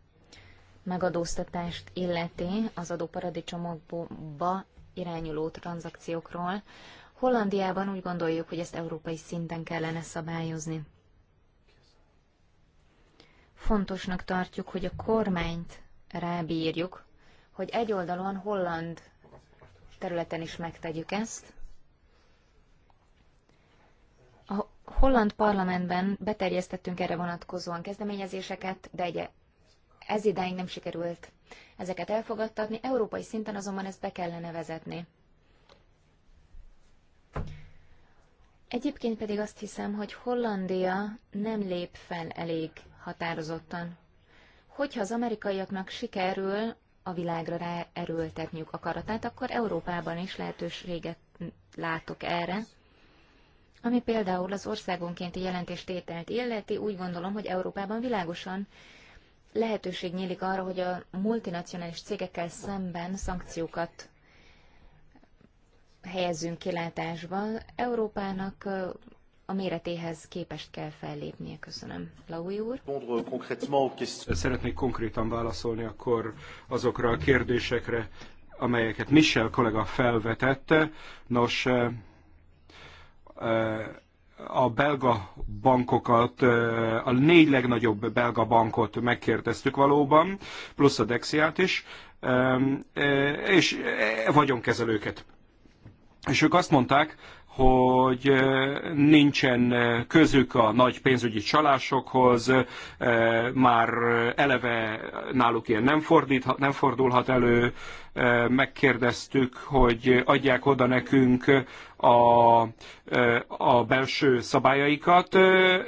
megadóztatást illeti az adóparadicsomokba irányuló tranzakciókról. Hollandiában úgy gondoljuk, hogy ezt európai szinten kellene szabályozni. Fontosnak tartjuk, hogy a kormányt rábírjuk, hogy egyoldalúan holland területen is megtegyük ezt. A holland parlamentben beterjesztettünk erre vonatkozóan kezdeményezéseket, de egy ez idáig nem sikerült ezeket elfogadtatni, európai szinten azonban ezt be kellene vezetni. Egyébként pedig azt hiszem, hogy Hollandia nem lép fel elég határozottan. Hogyha az amerikaiaknak sikerül a világra ráerőltetniük akaratát, akkor Európában is lehetőséget látok erre. Ami például az országonkénti jelentéstételt illeti, úgy gondolom, hogy Európában világosan lehetőség nyílik arra, hogy a multinacionális cégekkel szemben szankciókat helyezzünk kilátásba. Európának a méretéhez képest kell fellépnie. Köszönöm. Laui úr? Szeretnék konkrétan válaszolni akkor azokra a kérdésekre, amelyeket Michel kollega felvetette. Nos, a belga bankokat, a négy legnagyobb belga bankot megkérdeztük valóban, plusz a Dexiát is, és vagyonkezelőket és ők azt mondták, hogy nincsen közük a nagy pénzügyi csalásokhoz, már eleve náluk ilyen nem, fordíthat, nem fordulhat elő, megkérdeztük, hogy adják oda nekünk a, a belső szabályaikat.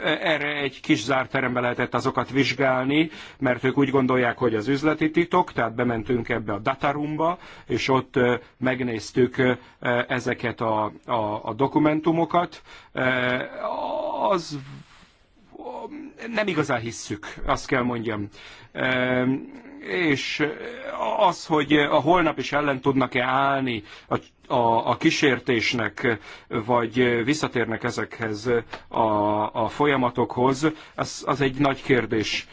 Erre egy kis zárt terembe lehetett azokat vizsgálni, mert ők úgy gondolják, hogy az üzleti titok, tehát bementünk ebbe a datarumba, és ott megnéztük ezeket a, a, a dokumentumokat. Az nem igazán hisszük, azt kell mondjam és az, hogy a holnap is ellen tudnak-e állni a a, a kísértésnek, vagy visszatérnek ezekhez a, a folyamatokhoz, az, az egy nagy kérdés.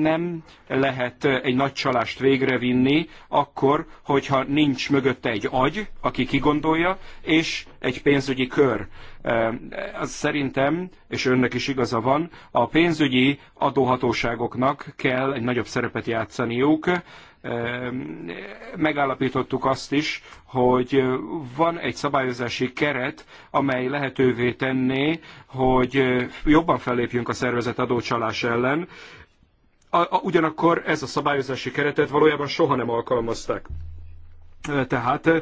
Nem lehet egy nagy csalást végrevinni akkor, hogyha nincs mögötte egy agy, aki kigondolja, és egy pénzügyi kör. Az szerintem, és önnek is igaza van, a pénzügyi adóhatóságoknak kell egy nagyobb szerepet játszaniuk, megállapítottuk azt is, hogy van egy szabályozási keret, amely lehetővé tenné, hogy jobban fellépjünk a szervezet adócsalás ellen. Ugyanakkor ez a szabályozási keretet valójában soha nem alkalmazták. Tehát eh,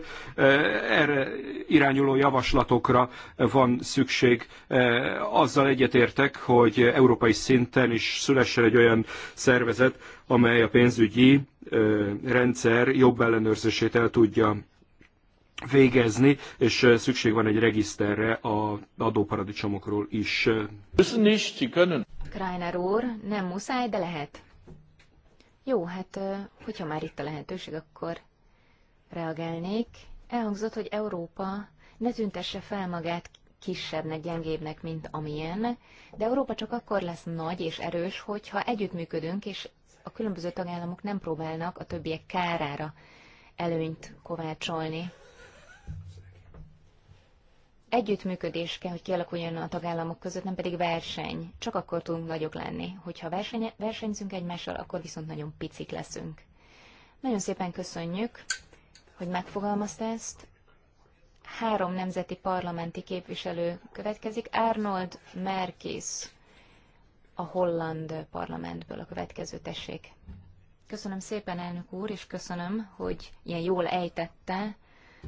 erre irányuló javaslatokra van szükség. Eh, azzal egyetértek, hogy európai szinten is szülessen egy olyan szervezet, amely a pénzügyi eh, rendszer jobb ellenőrzését el tudja végezni, és szükség van egy regiszterre az adóparadicsomokról is. Kreiner úr, nem muszáj, de lehet. Jó, hát hogyha már itt a lehetőség, akkor reagálnék. Elhangzott, hogy Európa ne tüntesse fel magát kisebbnek, gyengébbnek, mint amilyen, de Európa csak akkor lesz nagy és erős, hogyha együttműködünk, és a különböző tagállamok nem próbálnak a többiek kárára előnyt kovácsolni. Együttműködés kell, hogy kialakuljon a tagállamok között, nem pedig verseny. Csak akkor tudunk nagyok lenni. Hogyha verseny, versenyzünk egymással, akkor viszont nagyon picik leszünk. Nagyon szépen köszönjük! hogy megfogalmazta ezt. Három nemzeti parlamenti képviselő következik. Arnold Merkis a holland parlamentből a következő tessék. Köszönöm szépen, elnök úr, és köszönöm, hogy ilyen jól ejtette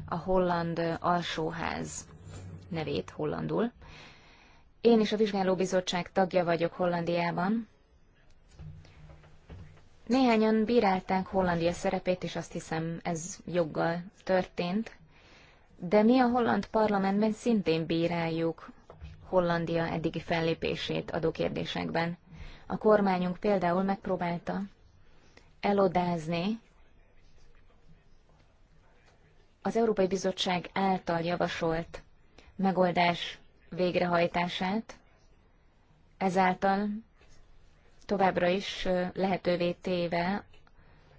a holland alsóház nevét hollandul. Én is a vizsgálóbizottság tagja vagyok Hollandiában, Néhányan bírálták Hollandia szerepét, és azt hiszem ez joggal történt, de mi a holland parlamentben szintén bíráljuk Hollandia eddigi fellépését adókérdésekben. A kormányunk például megpróbálta elodázni az Európai Bizottság által javasolt megoldás végrehajtását, ezáltal továbbra is lehetővé téve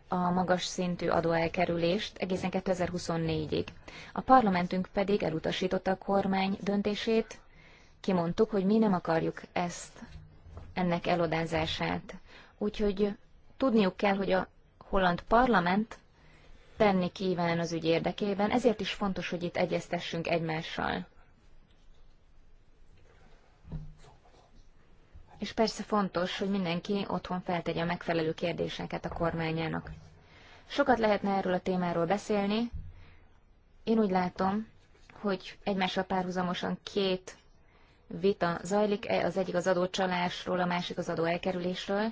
a magas szintű adóelkerülést egészen 2024-ig. A parlamentünk pedig elutasította a kormány döntését, kimondtuk, hogy mi nem akarjuk ezt, ennek elodázását. Úgyhogy tudniuk kell, hogy a holland parlament tenni kíván az ügy érdekében, ezért is fontos, hogy itt egyeztessünk egymással. És persze fontos, hogy mindenki otthon feltegye a megfelelő kérdéseket a kormányának. Sokat lehetne erről a témáról beszélni. Én úgy látom, hogy egymással párhuzamosan két vita zajlik, e az egyik az adócsalásról, a másik az adó elkerülésről.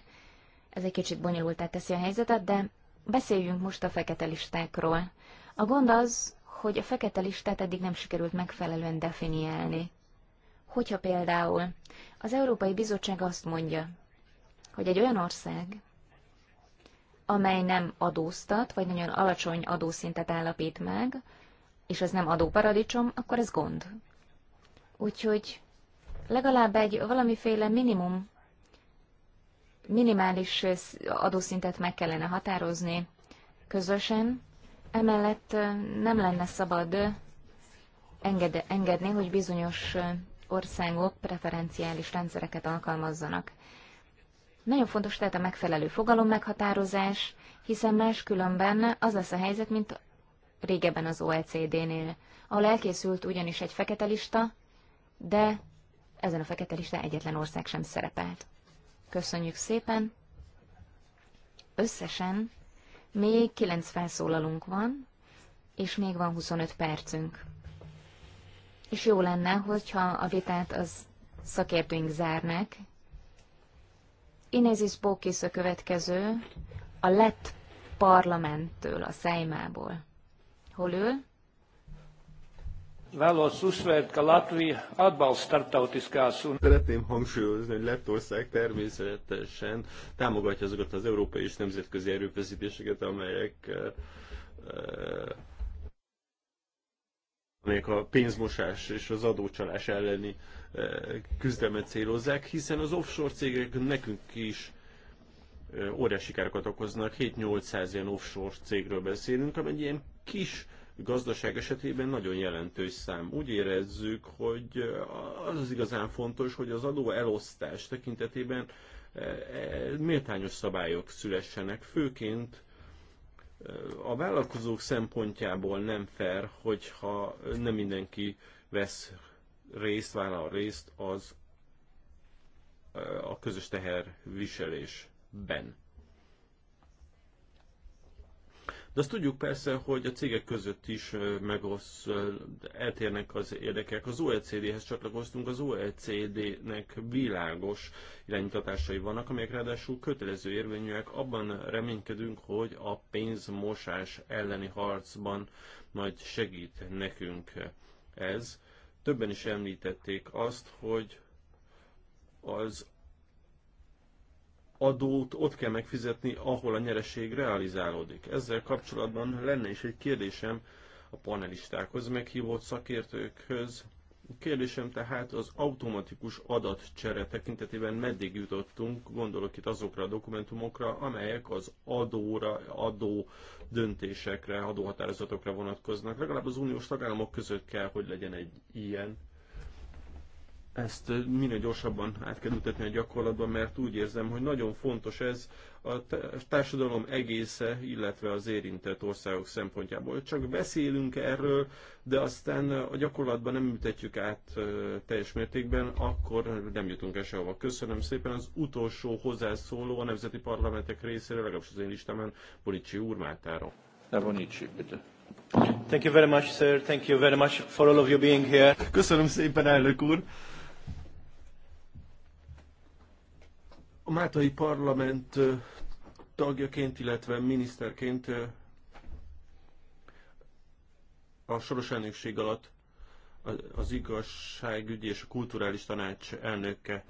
Ez egy kicsit bonyolultá teszi a helyzetet, de beszéljünk most a fekete listákról. A gond az, hogy a fekete listát eddig nem sikerült megfelelően definiálni. Hogyha például az Európai Bizottság azt mondja, hogy egy olyan ország, amely nem adóztat, vagy nagyon alacsony adószintet állapít meg, és ez nem adóparadicsom, akkor ez gond. Úgyhogy legalább egy valamiféle minimum, minimális adószintet meg kellene határozni közösen, emellett eh, nem lenne szabad engedni, hogy bizonyos eh, országok preferenciális rendszereket alkalmazzanak. Nagyon fontos tehát a megfelelő fogalom meghatározás, hiszen máskülönben az lesz a helyzet, mint régebben az OECD-nél, ahol elkészült ugyanis egy fekete lista, de ezen a fekete listán egyetlen ország sem szerepelt. Köszönjük szépen! Összesen még 9 felszólalunk van, és még van 25 percünk és jó lenne, hogyha a vitát az szakértőink zárnák. Inézis Bókész a következő, a lett parlamenttől, a szájmából. Hol ül? Vēlos uzsvērt, ka Latvija atbalsta Szeretném hangsúlyozni, hogy Lettország természetesen támogatja azokat az európai és nemzetközi erőfeszítéseket, amelyek eh, eh, a pénzmosás és az adócsalás elleni e, küzdelmet célozzák, hiszen az offshore cégek nekünk is e, óriási károkat okoznak. 7-800 ilyen offshore cégről beszélünk, amely ilyen kis gazdaság esetében nagyon jelentős szám. Úgy érezzük, hogy az az igazán fontos, hogy az adó elosztás tekintetében e, méltányos szabályok szülessenek, főként a vállalkozók szempontjából nem fair, hogyha nem mindenki vesz részt, vállal részt az a közös teherviselésben. De azt tudjuk persze, hogy a cégek között is megosz, eltérnek az érdekek. Az OECD-hez csatlakoztunk, az OECD-nek világos irányítatásai vannak, amelyek ráadásul kötelező érvényűek. Abban reménykedünk, hogy a pénzmosás elleni harcban majd segít nekünk ez. Többen is említették azt, hogy az adót ott kell megfizetni, ahol a nyereség realizálódik. Ezzel kapcsolatban lenne is egy kérdésem a panelistákhoz, meghívott szakértőkhöz. Kérdésem tehát az automatikus adatcsere tekintetében meddig jutottunk, gondolok itt azokra a dokumentumokra, amelyek az adóra, adó döntésekre, adóhatározatokra vonatkoznak. Legalább az uniós tagállamok között kell, hogy legyen egy ilyen ezt minél gyorsabban át kell ütetni a gyakorlatban, mert úgy érzem, hogy nagyon fontos ez a társadalom egésze, illetve az érintett országok szempontjából. Csak beszélünk erről, de aztán a gyakorlatban nem ültetjük át teljes mértékben, akkor nem jutunk el sehova. Köszönöm szépen az utolsó hozzászóló a nemzeti parlamentek részéről, legalábbis az én listámon, Bonicsi úr Mátára. Bonicsi, bitte. Thank you very much, sir. Thank you very much for all of you being here. Köszönöm szépen, elnök úr. A Mátai Parlament tagjaként, illetve miniszterként a soros elnökség alatt az igazságügyi és a kulturális tanács elnöke,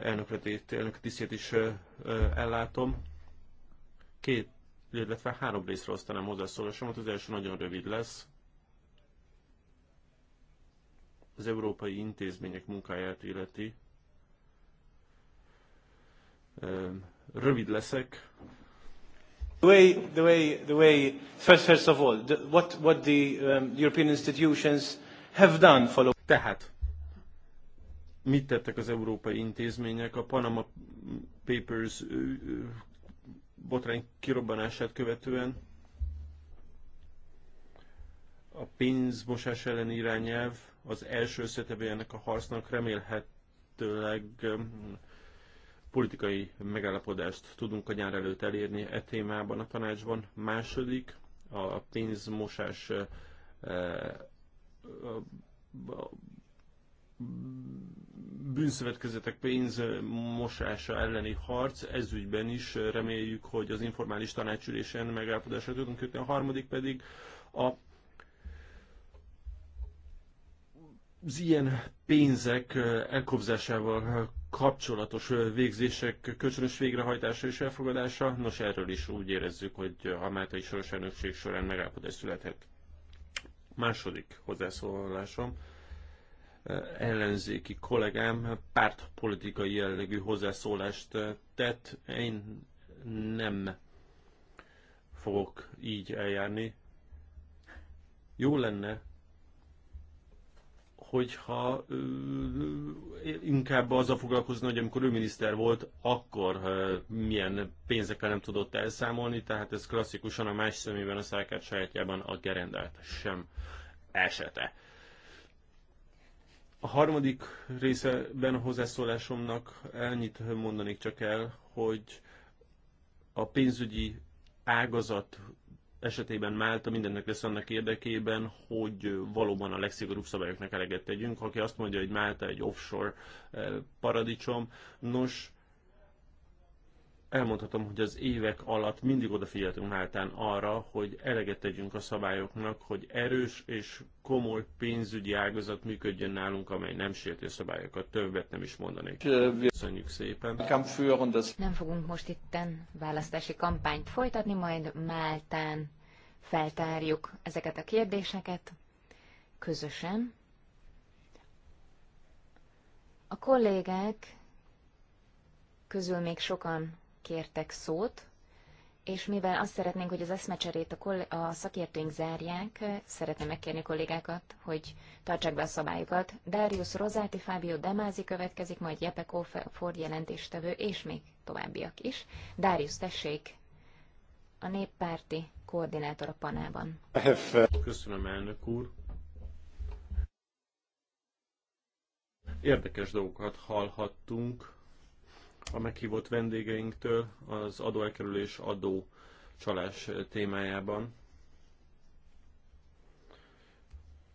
elnökletét, elnök tisztjét is ellátom. Két, illetve három részre osztanám hozzászólásomat, az első nagyon rövid lesz. Az európai intézmények munkáját illeti Rövid leszek. The way, the way, the way, first, first of all, the, what, what the um, European institutions have done follow. Tehát, mit tettek az európai intézmények a Panama Papers botrány kirobbanását követően? A pénzmosás ellen irányelv az első összetevő ennek a harcnak remélhetőleg um, politikai megállapodást tudunk a nyár előtt elérni e témában a tanácsban. Második, a pénzmosás eh, eh, bűnszövetkezetek pénzmosása elleni harc, ezügyben is reméljük, hogy az informális tanácsülésen megállapodásra tudunk kötni A harmadik pedig a az ilyen pénzek eh, elkobzásával kapcsolatos végzések kölcsönös végrehajtása és elfogadása. Nos, erről is úgy érezzük, hogy a Mátai Soros Elnökség során megállapodás születhet. Második hozzászólásom ellenzéki kollégám pártpolitikai jellegű hozzászólást tett. Én nem fogok így eljárni. Jó lenne, hogyha ö, inkább azzal foglalkozni, hogy amikor ő miniszter volt, akkor ö, milyen pénzekkel nem tudott elszámolni, tehát ez klasszikusan a más szemében a szákát sajátjában a gerendelt sem esete. A harmadik részeben a hozzászólásomnak ennyit mondanék csak el, hogy a pénzügyi ágazat esetében Málta mindennek lesz annak érdekében, hogy valóban a legszigorúbb szabályoknak eleget tegyünk. Aki azt mondja, hogy Málta egy offshore eh, paradicsom, nos, elmondhatom, hogy az évek alatt mindig odafigyeltünk Máltán arra, hogy eleget tegyünk a szabályoknak, hogy erős és komoly pénzügyi ágazat működjön nálunk, amely nem sérti a szabályokat. Többet nem is mondanék. Köszönjük szépen. Nem fogunk most itten választási kampányt folytatni, majd Máltán feltárjuk ezeket a kérdéseket közösen. A kollégák közül még sokan kértek szót, és mivel azt szeretnénk, hogy az eszmecserét a, koll- a szakértőink zárják, szeretném megkérni kollégákat, hogy tartsák be a szabályokat. Darius Rozáti, Fábio Demázi következik, majd Jeppe Ford jelentéstevő, és még továbbiak is. Darius, tessék, a néppárti koordinátor a panában. Köszönöm, elnök úr. Érdekes dolgokat hallhattunk a meghívott vendégeinktől az adóelkerülés adó csalás témájában.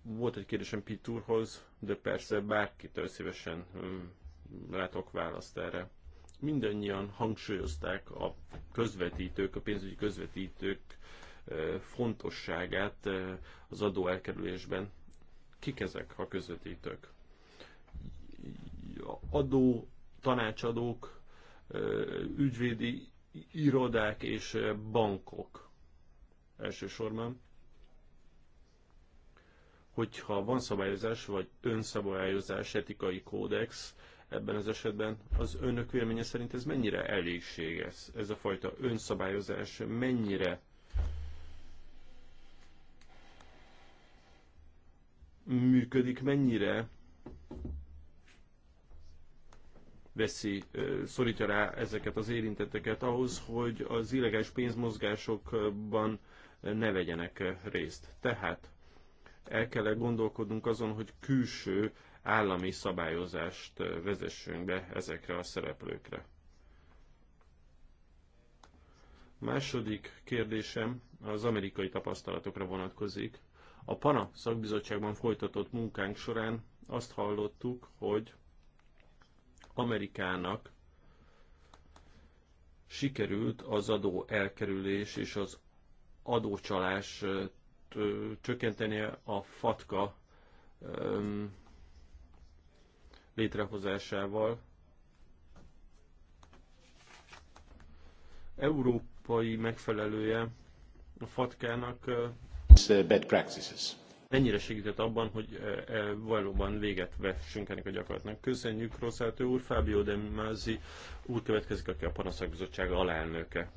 Volt egy kérdésem Pitúrhoz, de persze bárkitől szívesen mm, látok választ erre. Mindannyian hangsúlyozták a közvetítők, a pénzügyi közvetítők e, fontosságát e, az adóelkerülésben. Kik ezek a közvetítők? Adó tanácsadók, ügyvédi irodák és bankok elsősorban. Hogyha van szabályozás vagy önszabályozás, etikai kódex ebben az esetben, az önök véleménye szerint ez mennyire elégséges? Ez a fajta önszabályozás mennyire működik, mennyire veszi, szorítja rá ezeket az érintetteket ahhoz, hogy az illegális pénzmozgásokban ne vegyenek részt. Tehát el kell gondolkodnunk azon, hogy külső állami szabályozást vezessünk be ezekre a szereplőkre. Második kérdésem az amerikai tapasztalatokra vonatkozik. A PANA szakbizottságban folytatott munkánk során azt hallottuk, hogy Amerikának sikerült az adó elkerülés és az adócsalás csökkentenie a fatka létrehozásával. Európai megfelelője a fatkának bad practices mennyire segített abban, hogy e, e, valóban véget vessünk ennek a gyakorlatnak. Köszönjük Rosszátő úr, Fábio De Mázi úr következik, aki a Panaszakbizottság alelnöke.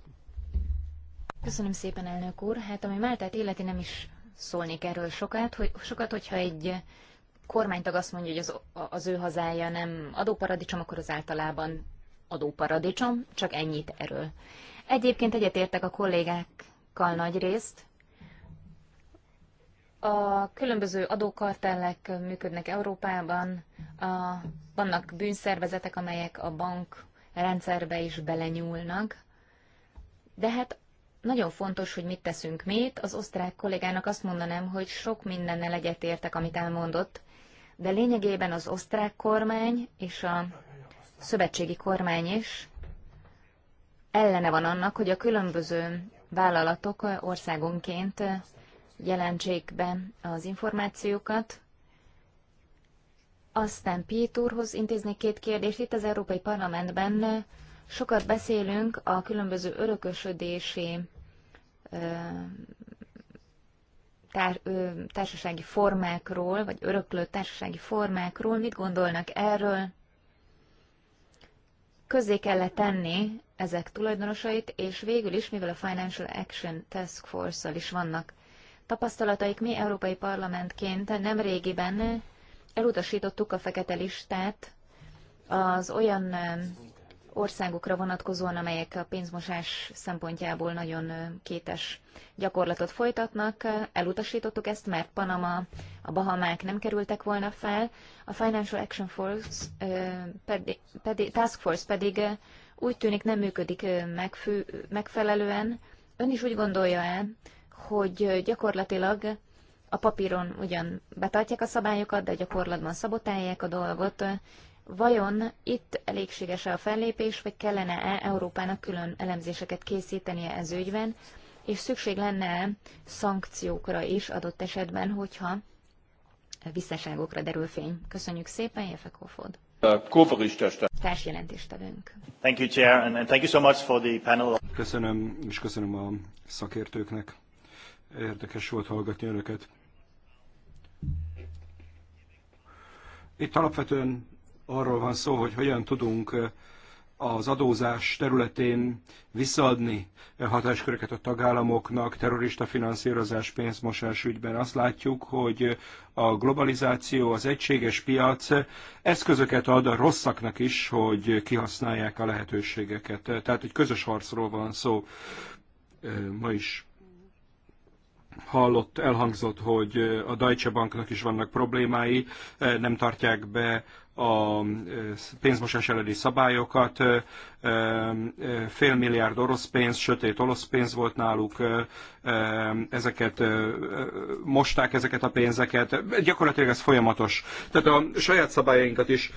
Köszönöm szépen, elnök úr. Hát ami Máltát életi nem is szólnék erről sokat, hogy, sokat hogyha egy kormánytag azt mondja, hogy az, az ő hazája nem adóparadicsom, akkor az általában adóparadicsom, csak ennyit erről. Egyébként egyetértek a kollégákkal nagy részt, a különböző adókartellek működnek Európában, a, vannak bűnszervezetek, amelyek a bank rendszerbe is belenyúlnak, de hát nagyon fontos, hogy mit teszünk mit. Az osztrák kollégának azt mondanám, hogy sok mindennel egyetértek, amit elmondott, de lényegében az osztrák kormány és a szövetségi kormány is ellene van annak, hogy a különböző vállalatok országonként jelentsék be az információkat. Aztán Piet úrhoz intéznék két kérdést. Itt az Európai Parlamentben sokat beszélünk a különböző örökösödési tár, társasági formákról, vagy öröklő társasági formákról. Mit gondolnak erről? Közzé kellett tenni ezek tulajdonosait, és végül is, mivel a Financial Action Task Force-szal is vannak Tapasztalataik mi Európai Parlamentként nem régiben elutasítottuk a fekete listát az olyan um, országokra vonatkozóan, amelyek a pénzmosás szempontjából nagyon um, kétes gyakorlatot folytatnak. Elutasítottuk ezt, mert Panama, a Bahamák nem kerültek volna fel. A Financial Action Force um, pedig, pedig, Task Force pedig uh, úgy tűnik nem működik megfelelően. Ön is úgy gondolja e hogy gyakorlatilag a papíron ugyan betartják a szabályokat, de gyakorlatban szabotálják a dolgot. Vajon itt elégséges-e a fellépés, vagy kellene-e Európának külön elemzéseket készítenie ez ügyben, és szükség lenne -e szankciókra is adott esetben, hogyha visszaságokra derül fény. Köszönjük szépen, Jefe Kofod. Társjelentéstevőnk. Thank you, Chair, and thank you so much for the panel. Köszönöm, és köszönöm a szakértőknek Érdekes volt hallgatni önöket. Itt alapvetően arról van szó, hogy hogyan tudunk eh, az adózás területén visszaadni e hatásköröket a tagállamoknak terrorista finanszírozás pénzmosás ügyben. Azt látjuk, hogy a globalizáció, az egységes piac eszközöket ad a rosszaknak is, hogy kihasználják a lehetőségeket. Tehát egy közös harcról van szó eh, ma is hallott, elhangzott, hogy a Deutsche Banknak is vannak problémái, nem tartják be a pénzmosás elleni szabályokat, fél milliárd orosz pénz, sötét orosz pénz volt náluk, ezeket mosták ezeket a pénzeket, gyakorlatilag ez folyamatos. Tehát a saját szabályainkat is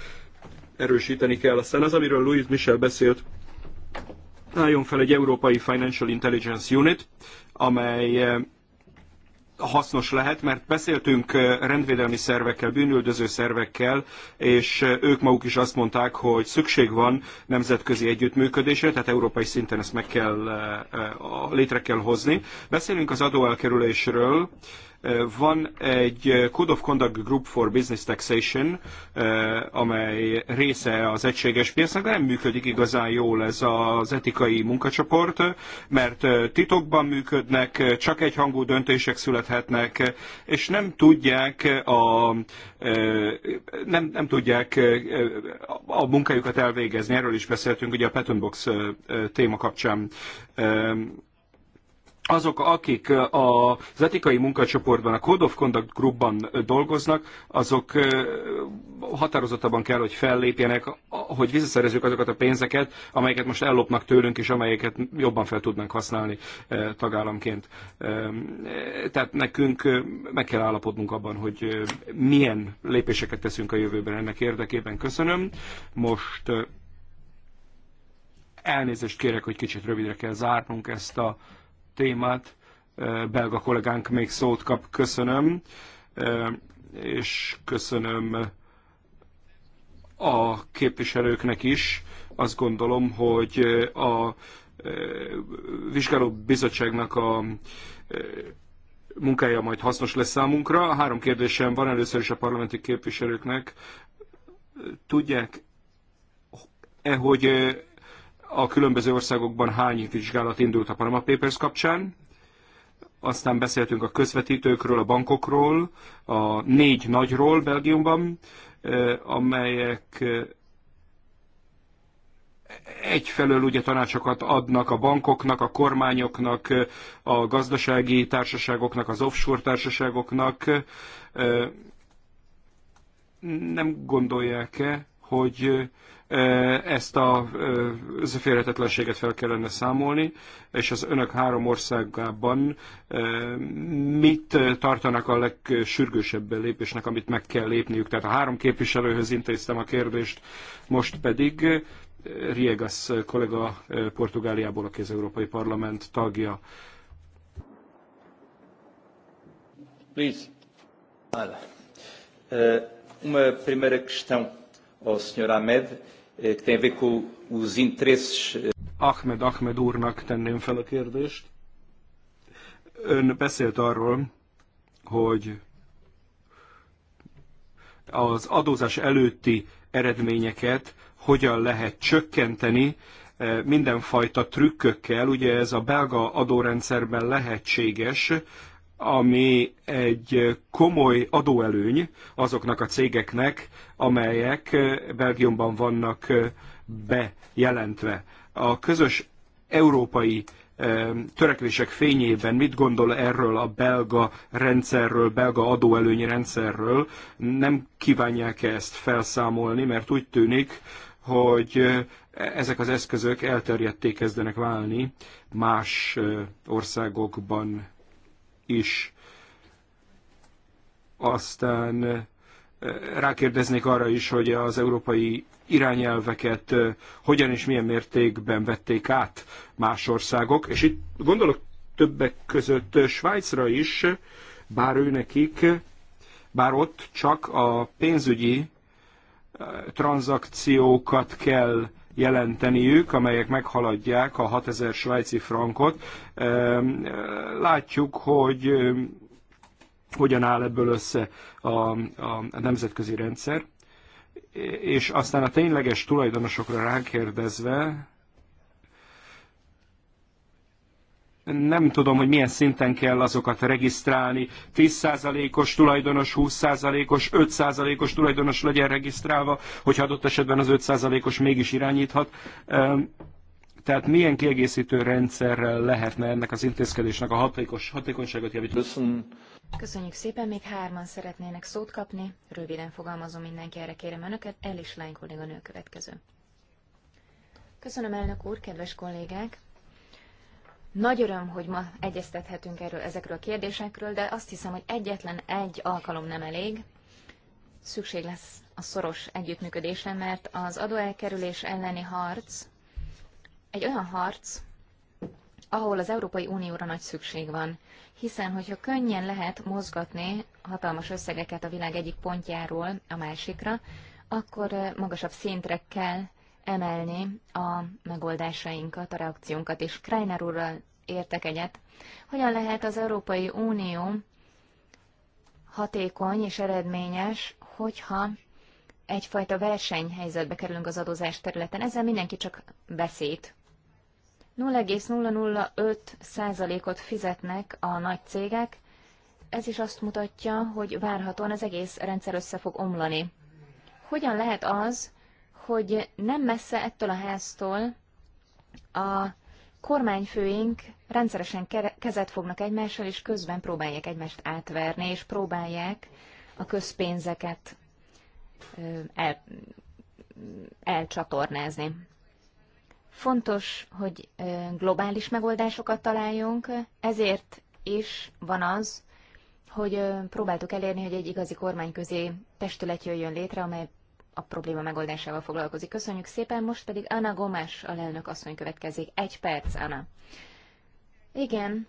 erősíteni kell. Aztán az, amiről Louis Michel beszélt, álljon fel egy európai Financial Intelligence Unit, amely hasznos lehet, mert beszéltünk rendvédelmi szervekkel, bűnüldöző szervekkel, és ők maguk is azt mondták, hogy szükség van nemzetközi együttműködésre, tehát európai szinten ezt meg kell, létre kell hozni. Beszélünk az adóelkerülésről, Eh, van egy eh, Code of Conduct Group for Business Taxation, eh, amely része az egységes piacnak, de nem működik igazán jól ez az etikai munkacsoport, mert titokban működnek, csak egy hangú döntések születhetnek, és nem tudják a, nem, nem tudják a munkájukat elvégezni. Erről is beszéltünk ugye a Patent Box téma kapcsán azok, akik az etikai munkacsoportban, a Code of Conduct Groupban dolgoznak, azok határozottabban kell, hogy fellépjenek, hogy visszaszerezzük azokat a pénzeket, amelyeket most ellopnak tőlünk, és amelyeket jobban fel tudnánk használni tagállamként. Tehát nekünk meg kell állapodnunk abban, hogy milyen lépéseket teszünk a jövőben ennek érdekében. Köszönöm. Most elnézést kérek, hogy kicsit rövidre kell zárnunk ezt a témát. Belga kollégánk még szót kap. Köszönöm, és köszönöm a képviselőknek is. Azt gondolom, hogy a vizsgáló bizottságnak a munkája majd hasznos lesz számunkra. Három kérdésem van először is a parlamenti képviselőknek. Tudják-e, hogy a különböző országokban hány vizsgálat indult a Panama Papers kapcsán, aztán beszéltünk a közvetítőkről, a bankokról, a négy nagyról Belgiumban, eh, amelyek eh, egyfelől ugye tanácsokat adnak a bankoknak, a kormányoknak, eh, a gazdasági társaságoknak, az offshore társaságoknak. Nem gondolják-e, hogy ezt a összeférhetetlenséget fel kellene számolni, és az önök három országában mit tartanak a legsürgősebb lépésnek, amit meg kell lépniük. Tehát a három képviselőhöz intéztem a kérdést, most pedig Riegas kollega Portugáliából, aki az Európai Parlament tagja. Please. Eh, uma primeira questão ao Sr. Ahmed que tem a ver com os interesses. Ahmed Ahmed úrnak tenném fel a kérdést. Ön beszélt arról, hogy az adózás előtti eredményeket hogyan lehet csökkenteni e, mindenfajta trükkökkel. Ugye ez a belga adórendszerben lehetséges, ami egy komoly adóelőny azoknak a cégeknek, amelyek eh, Belgiumban vannak eh, bejelentve. A közös európai eh, törekvések fényében mit gondol erről a belga rendszerről, belga adóelőnyi rendszerről? Nem kívánják-e ezt felszámolni, mert úgy tűnik, hogy ezek az eszközök elterjedté kezdenek válni más országokban is. Aztán eh, rákérdeznék arra is, hogy az európai irányelveket eh, hogyan és milyen mértékben vették át más országok, és itt gondolok többek között Svájcra is, bár ő nekik, bár ott csak a pénzügyi eh, tranzakciókat kell jelenteniük, amelyek meghaladják a 6000 svájci frankot. Látjuk, hogy hogyan áll ebből össze a, a, a nemzetközi rendszer. És aztán a tényleges tulajdonosokra rákérdezve, nem tudom, hogy milyen szinten kell azokat regisztrálni. 10%-os tulajdonos, 20%-os, 5%-os tulajdonos legyen regisztrálva, hogyha adott esetben az 5%-os mégis irányíthat. Tehát milyen kiegészítő rendszerrel lehetne ennek az intézkedésnek a hatékos, hatékonyságot javítani? Köszönjük szépen, még hárman szeretnének szót kapni. Röviden fogalmazom mindenki, erre kérem önöket. El is lány kolléganő következő. Köszönöm, elnök úr, kedves kollégák! Nagy öröm, hogy ma egyeztethetünk erről ezekről a kérdésekről, de azt hiszem, hogy egyetlen egy alkalom nem elég. Szükség lesz a szoros együttműködésre, mert az adóelkerülés elleni harc egy olyan harc, ahol az Európai Unióra nagy szükség van. Hiszen, hogyha könnyen lehet mozgatni hatalmas összegeket a világ egyik pontjáról a másikra, akkor eh, magasabb szintre kell emelni a megoldásainkat, a reakciónkat, és Kreiner úrral értek egyet. Hogyan lehet az Európai Unió hatékony és eredményes, hogyha egyfajta versenyhelyzetbe kerülünk az adózás területen. Ezzel mindenki csak beszéd. 0,005%-ot fizetnek a nagy cégek, ez is azt mutatja, hogy várhatóan az egész rendszer össze fog omlani. Hogyan lehet az, hogy nem messze ettől a háztól a kormányfőink rendszeresen kezet fognak egymással, és közben próbálják egymást átverni, és próbálják a közpénzeket el, elcsatornázni. Fontos, hogy globális megoldásokat találjunk, ezért is van az, hogy próbáltuk elérni, hogy egy igazi kormányközi testület jöjjön létre, amely a probléma megoldásával foglalkozik. Köszönjük szépen, most pedig Anna Gomes, a lelnök asszony következik. Egy perc, Anna. Igen.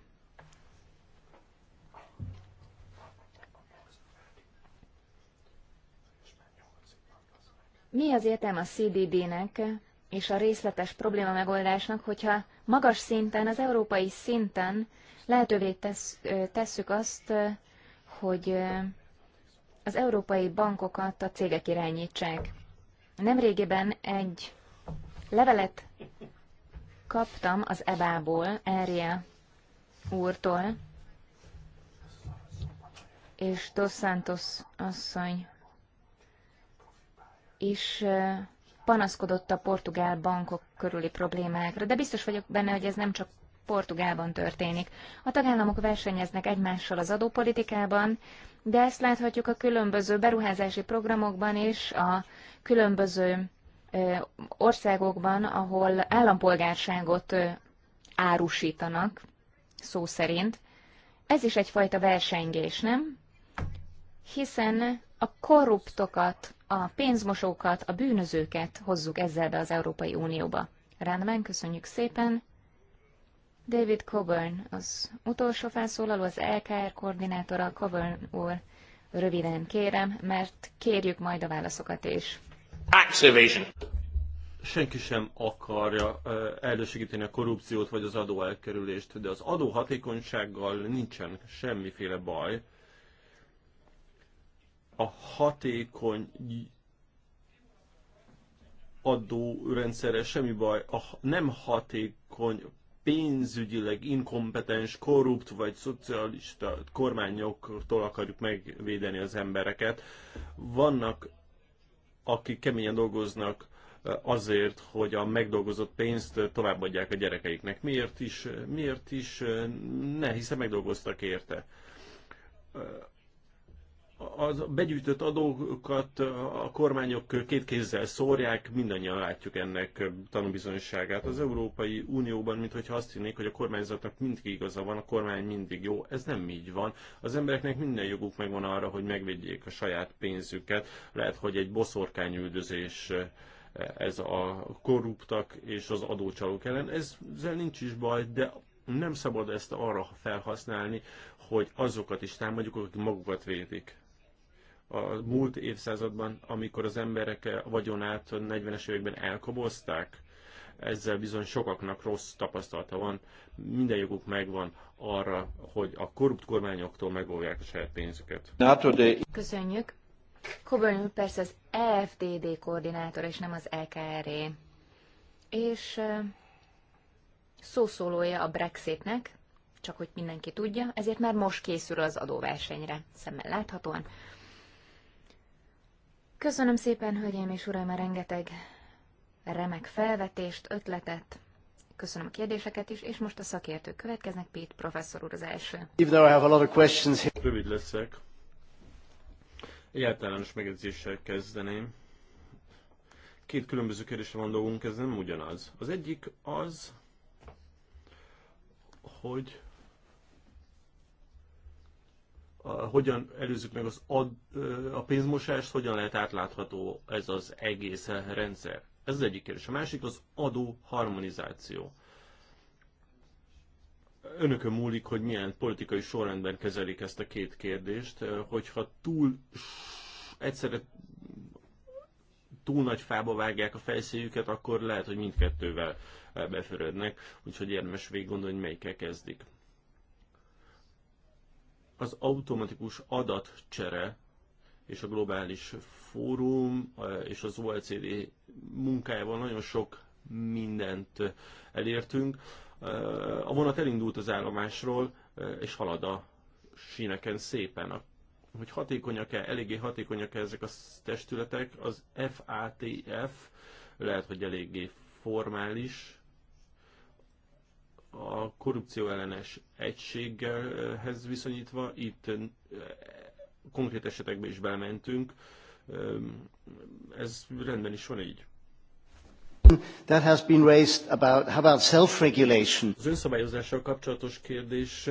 Mi az értelme a CDD-nek és a részletes probléma megoldásnak, hogyha magas szinten, az európai szinten lehetővé tesz, tesszük azt, hogy az európai bankokat a cégek irányítsák. Nemrégiben egy levelet kaptam az EBA-ból, Erje úrtól, és Dos Santos asszony is panaszkodott a portugál bankok körüli problémákra, de biztos vagyok benne, hogy ez nem csak Portugálban történik. A tagállamok versenyeznek egymással az adópolitikában, de ezt láthatjuk a különböző beruházási programokban is, a különböző országokban, ahol állampolgárságot árusítanak, szó szerint. Ez is egyfajta versengés, nem? Hiszen a korruptokat, a pénzmosókat, a bűnözőket hozzuk ezzel be az Európai Unióba. Rendben, köszönjük szépen. David Coburn az utolsó felszólaló, az LKR koordinátora Coburn úr. Röviden kérem, mert kérjük majd a válaszokat is. Activation. Senki sem akarja elősegíteni a korrupciót vagy az adóelkerülést, de az hatékonysággal nincsen semmiféle baj. A hatékony adórendszerrel semmi baj, a nem hatékony pénzügyileg inkompetens, korrupt vagy szocialista kormányoktól akarjuk megvédeni az embereket. Vannak, akik keményen dolgoznak azért, hogy a megdolgozott pénzt továbbadják a gyerekeiknek. Miért is? Miért is? Ne, hiszen megdolgoztak érte az begyűjtött adókat a kormányok két kézzel szórják, mindannyian látjuk ennek tanúbizonyságát. Az Európai Unióban, mintha azt hinnék, hogy a kormányzatnak mindig igaza van, a kormány mindig jó. Ez nem így van. Az embereknek minden joguk megvan arra, hogy megvédjék a saját pénzüket. Lehet, hogy egy boszorkányüldözés ez a korruptak és az adócsalók ellen. Ezzel nincs is baj, de nem szabad ezt arra felhasználni, hogy azokat is támadjuk, akik magukat védik a múlt évszázadban, amikor az emberek vagyonát 40-es években elkobozták, ezzel bizony sokaknak rossz tapasztalata van, minden joguk megvan arra, hogy a korrupt kormányoktól megolják a saját pénzüket. Köszönjük! Coburn persze az EFDD koordinátor, és nem az EKRE. E. És szószólója a Brexitnek, csak hogy mindenki tudja, ezért már most készül az adóversenyre, szemmel láthatóan. Köszönöm szépen, hölgyeim és uraim, a rengeteg remek felvetést, ötletet. Köszönöm a kérdéseket is, és most a szakértők következnek. Pét professzor úr az első. Rövid leszek. Egyáltalános megjegyzéssel kezdeném. Két különböző kérdésre van dolgunk, ez nem ugyanaz. Az egyik az, hogy hogyan előzzük meg az ad, a pénzmosást, hogyan lehet átlátható ez az egész rendszer. Ez az egyik kérdés. A másik az adó harmonizáció. Önökön múlik, hogy milyen politikai sorrendben kezelik ezt a két kérdést, hogyha túl egyszerre túl nagy fába vágják a fejszélyüket, akkor lehet, hogy mindkettővel befürödnek, úgyhogy érdemes végig gondolni, hogy melyikkel kezdik. Az automatikus adatcsere és a globális fórum eh, és az OECD munkájával nagyon sok mindent eh, elértünk. Eh, a vonat elindult az állomásról, és halad a síneken szépen. Hogy hatékonyak-e, eléggé hatékonyak-e ezek a testületek, az FATF lehet, hogy eléggé formális, a korrupció ellenes egységhez viszonyítva, itt konkrét esetekbe is belementünk, ez rendben is van így. That has been raised about, how about self-regulation? Az önszabályozással kapcsolatos kérdés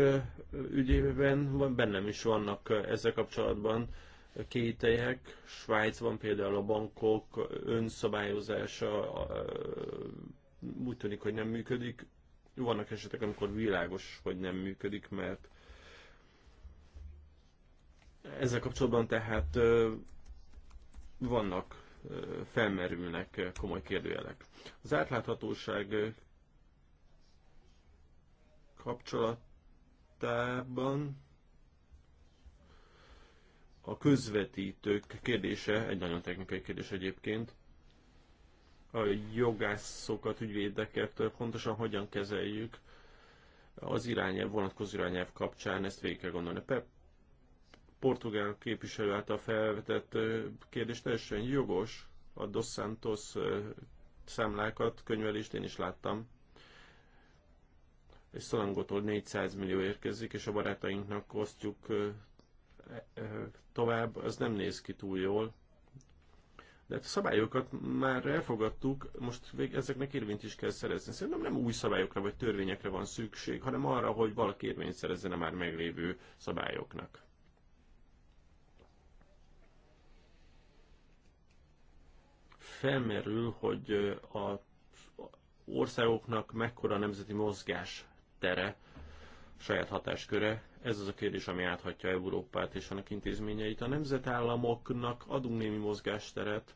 ügyében van, bennem is vannak ezzel kapcsolatban kételyek. Svájcban például a bankok önszabályozása úgy tűnik, hogy nem működik. Vannak esetek, amikor világos, hogy nem működik, mert ezzel kapcsolatban tehát vannak, felmerülnek komoly kérdőjelek. Az átláthatóság kapcsolatában a közvetítők kérdése, egy nagyon technikai kérdés egyébként, a jogászokat, ügyvédeket pontosan hogyan kezeljük az irányelv, vonatkozó irányelv kapcsán, ezt végig kell gondolni. Pe portugál képviselő által felvetett kérdés teljesen jogos, a Dos Santos számlákat, könyvelést én is láttam, és Szalangotól 400 millió érkezik, és a barátainknak osztjuk e, tovább, az nem néz ki túl jól. De hát a szabályokat már elfogadtuk, most vég, ezeknek érvényt is kell szerezni. Szerintem nem új szabályokra vagy törvényekre van szükség, hanem arra, hogy valaki érvényt szerezzen a már meglévő szabályoknak. Felmerül, hogy a országoknak mekkora nemzeti mozgás tere, saját hatásköre ez az a kérdés, ami áthatja Európát és annak intézményeit. A nemzetállamoknak adunk némi mozgásteret.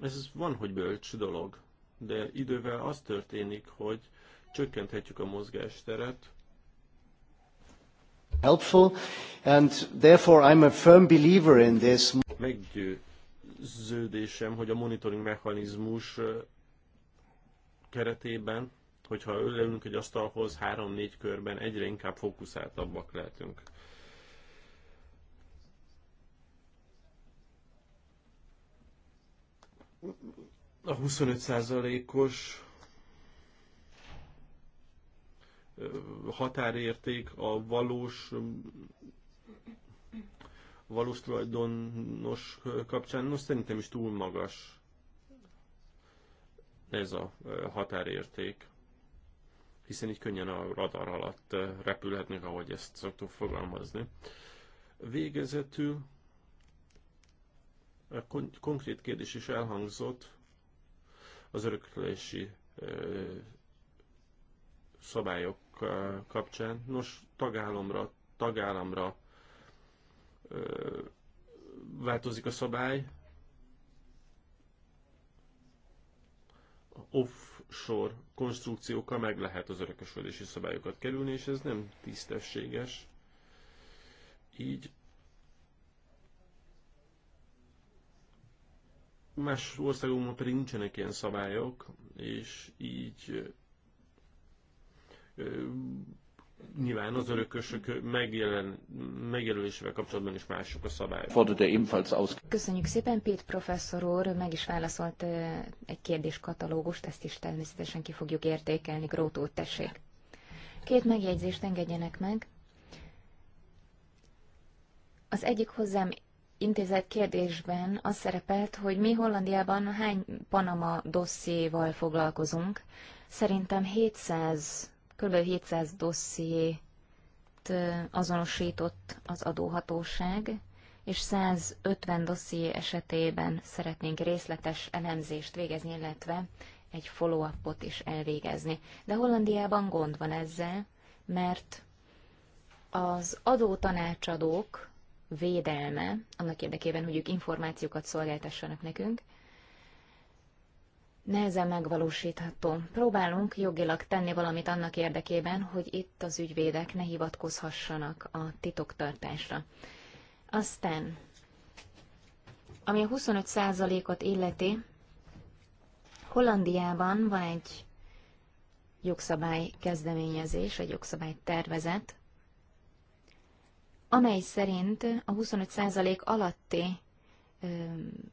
Ez van, hogy bölcs dolog, de idővel az történik, hogy csökkenthetjük a mozgásteret. Helpful, and therefore I'm a firm believer in this. Meggyőződésem, hogy a monitoring mechanizmus keretében hogyha leülünk egy asztalhoz, három-négy körben egyre inkább fókuszáltabbak lehetünk. A 25%-os határérték a valós valós tulajdonos kapcsán, most szerintem is túl magas ez a határérték hiszen így könnyen a radar alatt eh, repülhetnek, ahogy ezt szoktuk fogalmazni. Végezetül a kon konkrét kérdés is elhangzott az öröklési eh, szabályok eh, kapcsán. Nos, tagállamra, tagállamra változik a szabály. Off sor konstrukciókkal meg lehet az örökösödési szabályokat kerülni, és ez nem tisztességes. Így más országokban pedig nincsenek ilyen szabályok, és így Nyilván az örökösök megjelen, megjelölésével kapcsolatban is mások a szabályok. Köszönjük szépen, Pét professzor úr meg is válaszolt egy kérdéskatalógust, ezt is természetesen ki fogjuk értékelni, Grótó tessék. Két megjegyzést engedjenek meg. Az egyik hozzám intézett kérdésben az szerepelt, hogy mi Hollandiában hány Panama dossziéval foglalkozunk. Szerintem 700 Kb. 700 dossziét azonosított az adóhatóság, és 150 dosszié esetében szeretnénk részletes elemzést végezni, illetve egy follow-upot is elvégezni. De Hollandiában gond van ezzel, mert az adótanácsadók védelme, annak érdekében, hogy ők információkat szolgáltassanak nekünk, nehezen megvalósítható. Próbálunk jogilag tenni valamit annak érdekében, hogy itt az ügyvédek ne hivatkozhassanak a titoktartásra. Aztán, ami a 25%-ot illeti, Hollandiában van egy jogszabály kezdeményezés, egy jogszabály tervezet, amely szerint a 25% alatti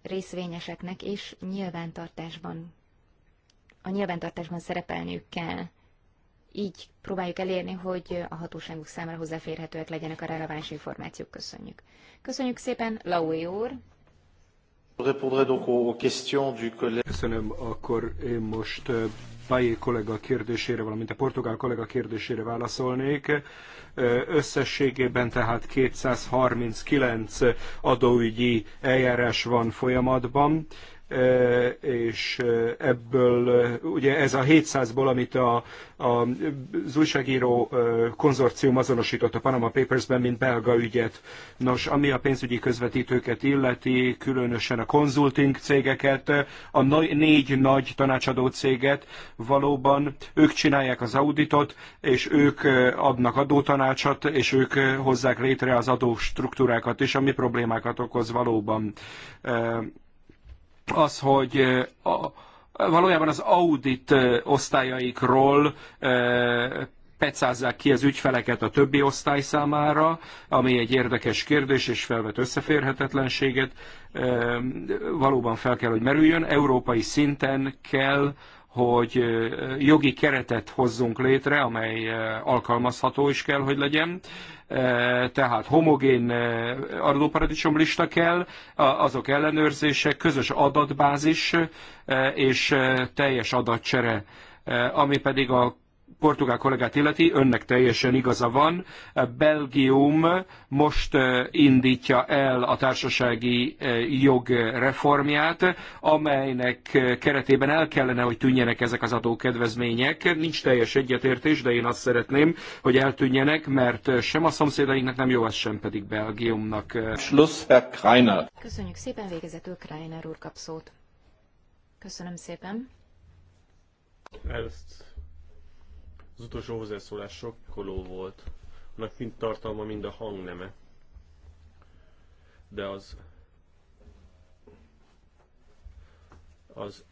részvényeseknek is nyilvántartásban a nyilvántartásban szerepelniük kell. Így próbáljuk elérni, hogy a hatóságok számára hozzáférhetőek legyenek a releváns információk. Köszönjük. Köszönjük szépen, Laui úr! Köszönöm, akkor én most Bajé kollega kérdésére, valamint a portugál kollega kérdésére válaszolnék. Összességében tehát 239 adóügyi eljárás van folyamatban és ebből ugye ez a 700-ból, amit a, a, az újságíró konzorcium azonosított a Panama Papers-ben, mint belga ügyet. Nos, ami a pénzügyi közvetítőket illeti, különösen a konzulting cégeket, a négy nagy tanácsadó céget, valóban ők csinálják az auditot, és ők adnak adótanácsot, és ők hozzák létre az adóstruktúrákat is, ami problémákat okoz valóban az, hogy a, valójában az audit osztályaikról pecázzák ki az ügyfeleket a többi osztály számára, ami egy érdekes kérdés, és felvet összeférhetetlenséget, valóban fel kell, hogy merüljön. Európai szinten kell hogy jogi keretet hozzunk létre, amely alkalmazható is kell, hogy legyen. Tehát homogén adóparadicsom lista kell, azok ellenőrzése, közös adatbázis és teljes adatcsere, ami pedig a portugál kollégát illeti, önnek teljesen igaza van. Belgium most eh, indítja el a társasági eh, jog reformját, amelynek eh, keretében el kellene, hogy tűnjenek ezek az adókedvezmények. Nincs teljes egyetértés, de én azt szeretném, hogy eltűnjenek, mert sem a szomszédainknak nem jó, az, sem pedig Belgiumnak. Schluss, Herr Kreiner. Köszönjük szépen, végezetül Kreiner úr kap szót. Köszönöm szépen. Ezt az utolsó hozzászólás sokkoló volt. Annak mind tartalma, mind a hangneme. De az... Az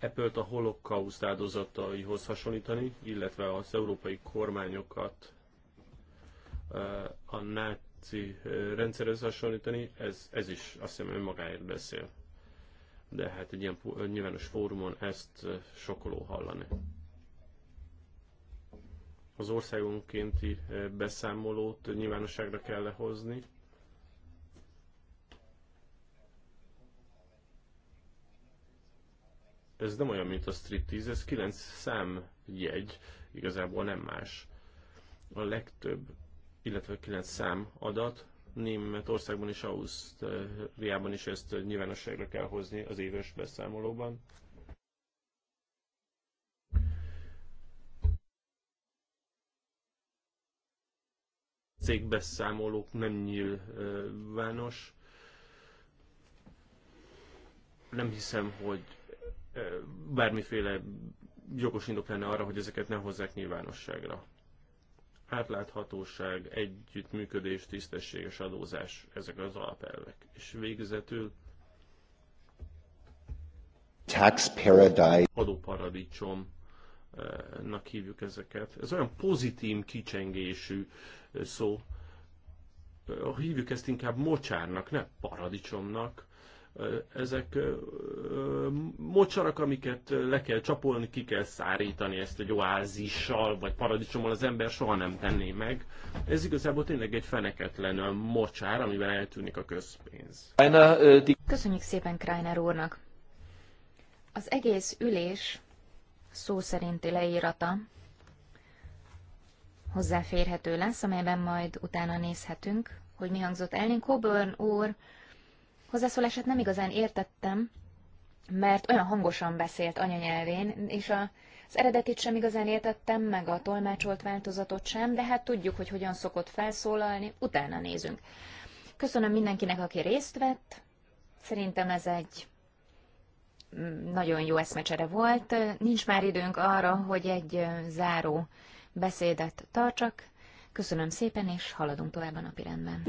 Apple-t a holokauszt áldozataihoz hasonlítani, illetve az európai kormányokat eh, a náci eh, rendszerhez hasonlítani, ez, ez is azt hiszem önmagáért beszél. De hát egy ilyen nyilvános fórumon ezt eh, sokoló hallani az országonkénti eh, beszámolót nyilvánosságra kell lehozni. Ez nem olyan, mint a 10, ez 9 jegy, igazából nem más. A legtöbb, illetve 9 szám adat Németországban és Ausztriában is ezt nyilvánosságra kell hozni az éves beszámolóban. cégbeszámolók nem nyilvános. Nem hiszem, hogy bármiféle jogos indok lenne arra, hogy ezeket ne hozzák nyilvánosságra. Átláthatóság, együttműködés, tisztességes adózás, ezek az alapelvek. És végezetül tax paradise. Adóparadicsomnak hívjuk ezeket. Ez olyan pozitív kicsengésű szó. Hívjuk ezt inkább mocsárnak, ne paradicsomnak. Ezek mocsarak, amiket le kell csapolni, ki kell szárítani ezt egy oázissal, vagy paradicsommal az ember soha nem tenné meg. Ez igazából tényleg egy feneketlen mocsár, amiben eltűnik a közpénz. Köszönjük szépen Kreiner úrnak! Az egész ülés szó szerinti leírata hozzáférhető lesz, amelyben majd utána nézhetünk, hogy mi hangzott el. Én Coburn úr hozzászólását nem igazán értettem, mert olyan hangosan beszélt anyanyelvén, és a, az eredetit sem igazán értettem, meg a tolmácsolt változatot sem, de hát tudjuk, hogy hogyan szokott felszólalni, utána nézünk. Köszönöm mindenkinek, aki részt vett. Szerintem ez egy mm, nagyon jó eszmecsere volt. Nincs már időnk arra, hogy egy záró beszédet tartsak. Köszönöm szépen, és haladunk tovább a napirendben.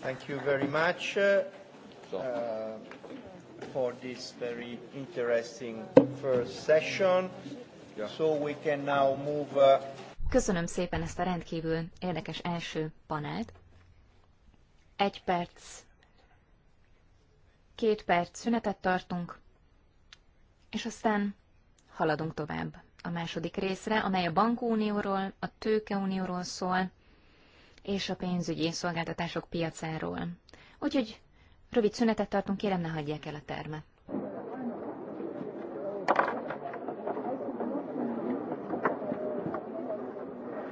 Thank you very much uh, uh, for this very interesting first session. So we can now move, uh... Köszönöm szépen ezt a rendkívül érdekes első panelt. Egy perc, két perc szünetet tartunk, és aztán haladunk tovább a második részre, amely a bankunióról, a tőkeunióról szól, és a pénzügyi szolgáltatások piacáról. Úgyhogy rövid szünetet tartunk, kérem ne hagyják el a termet.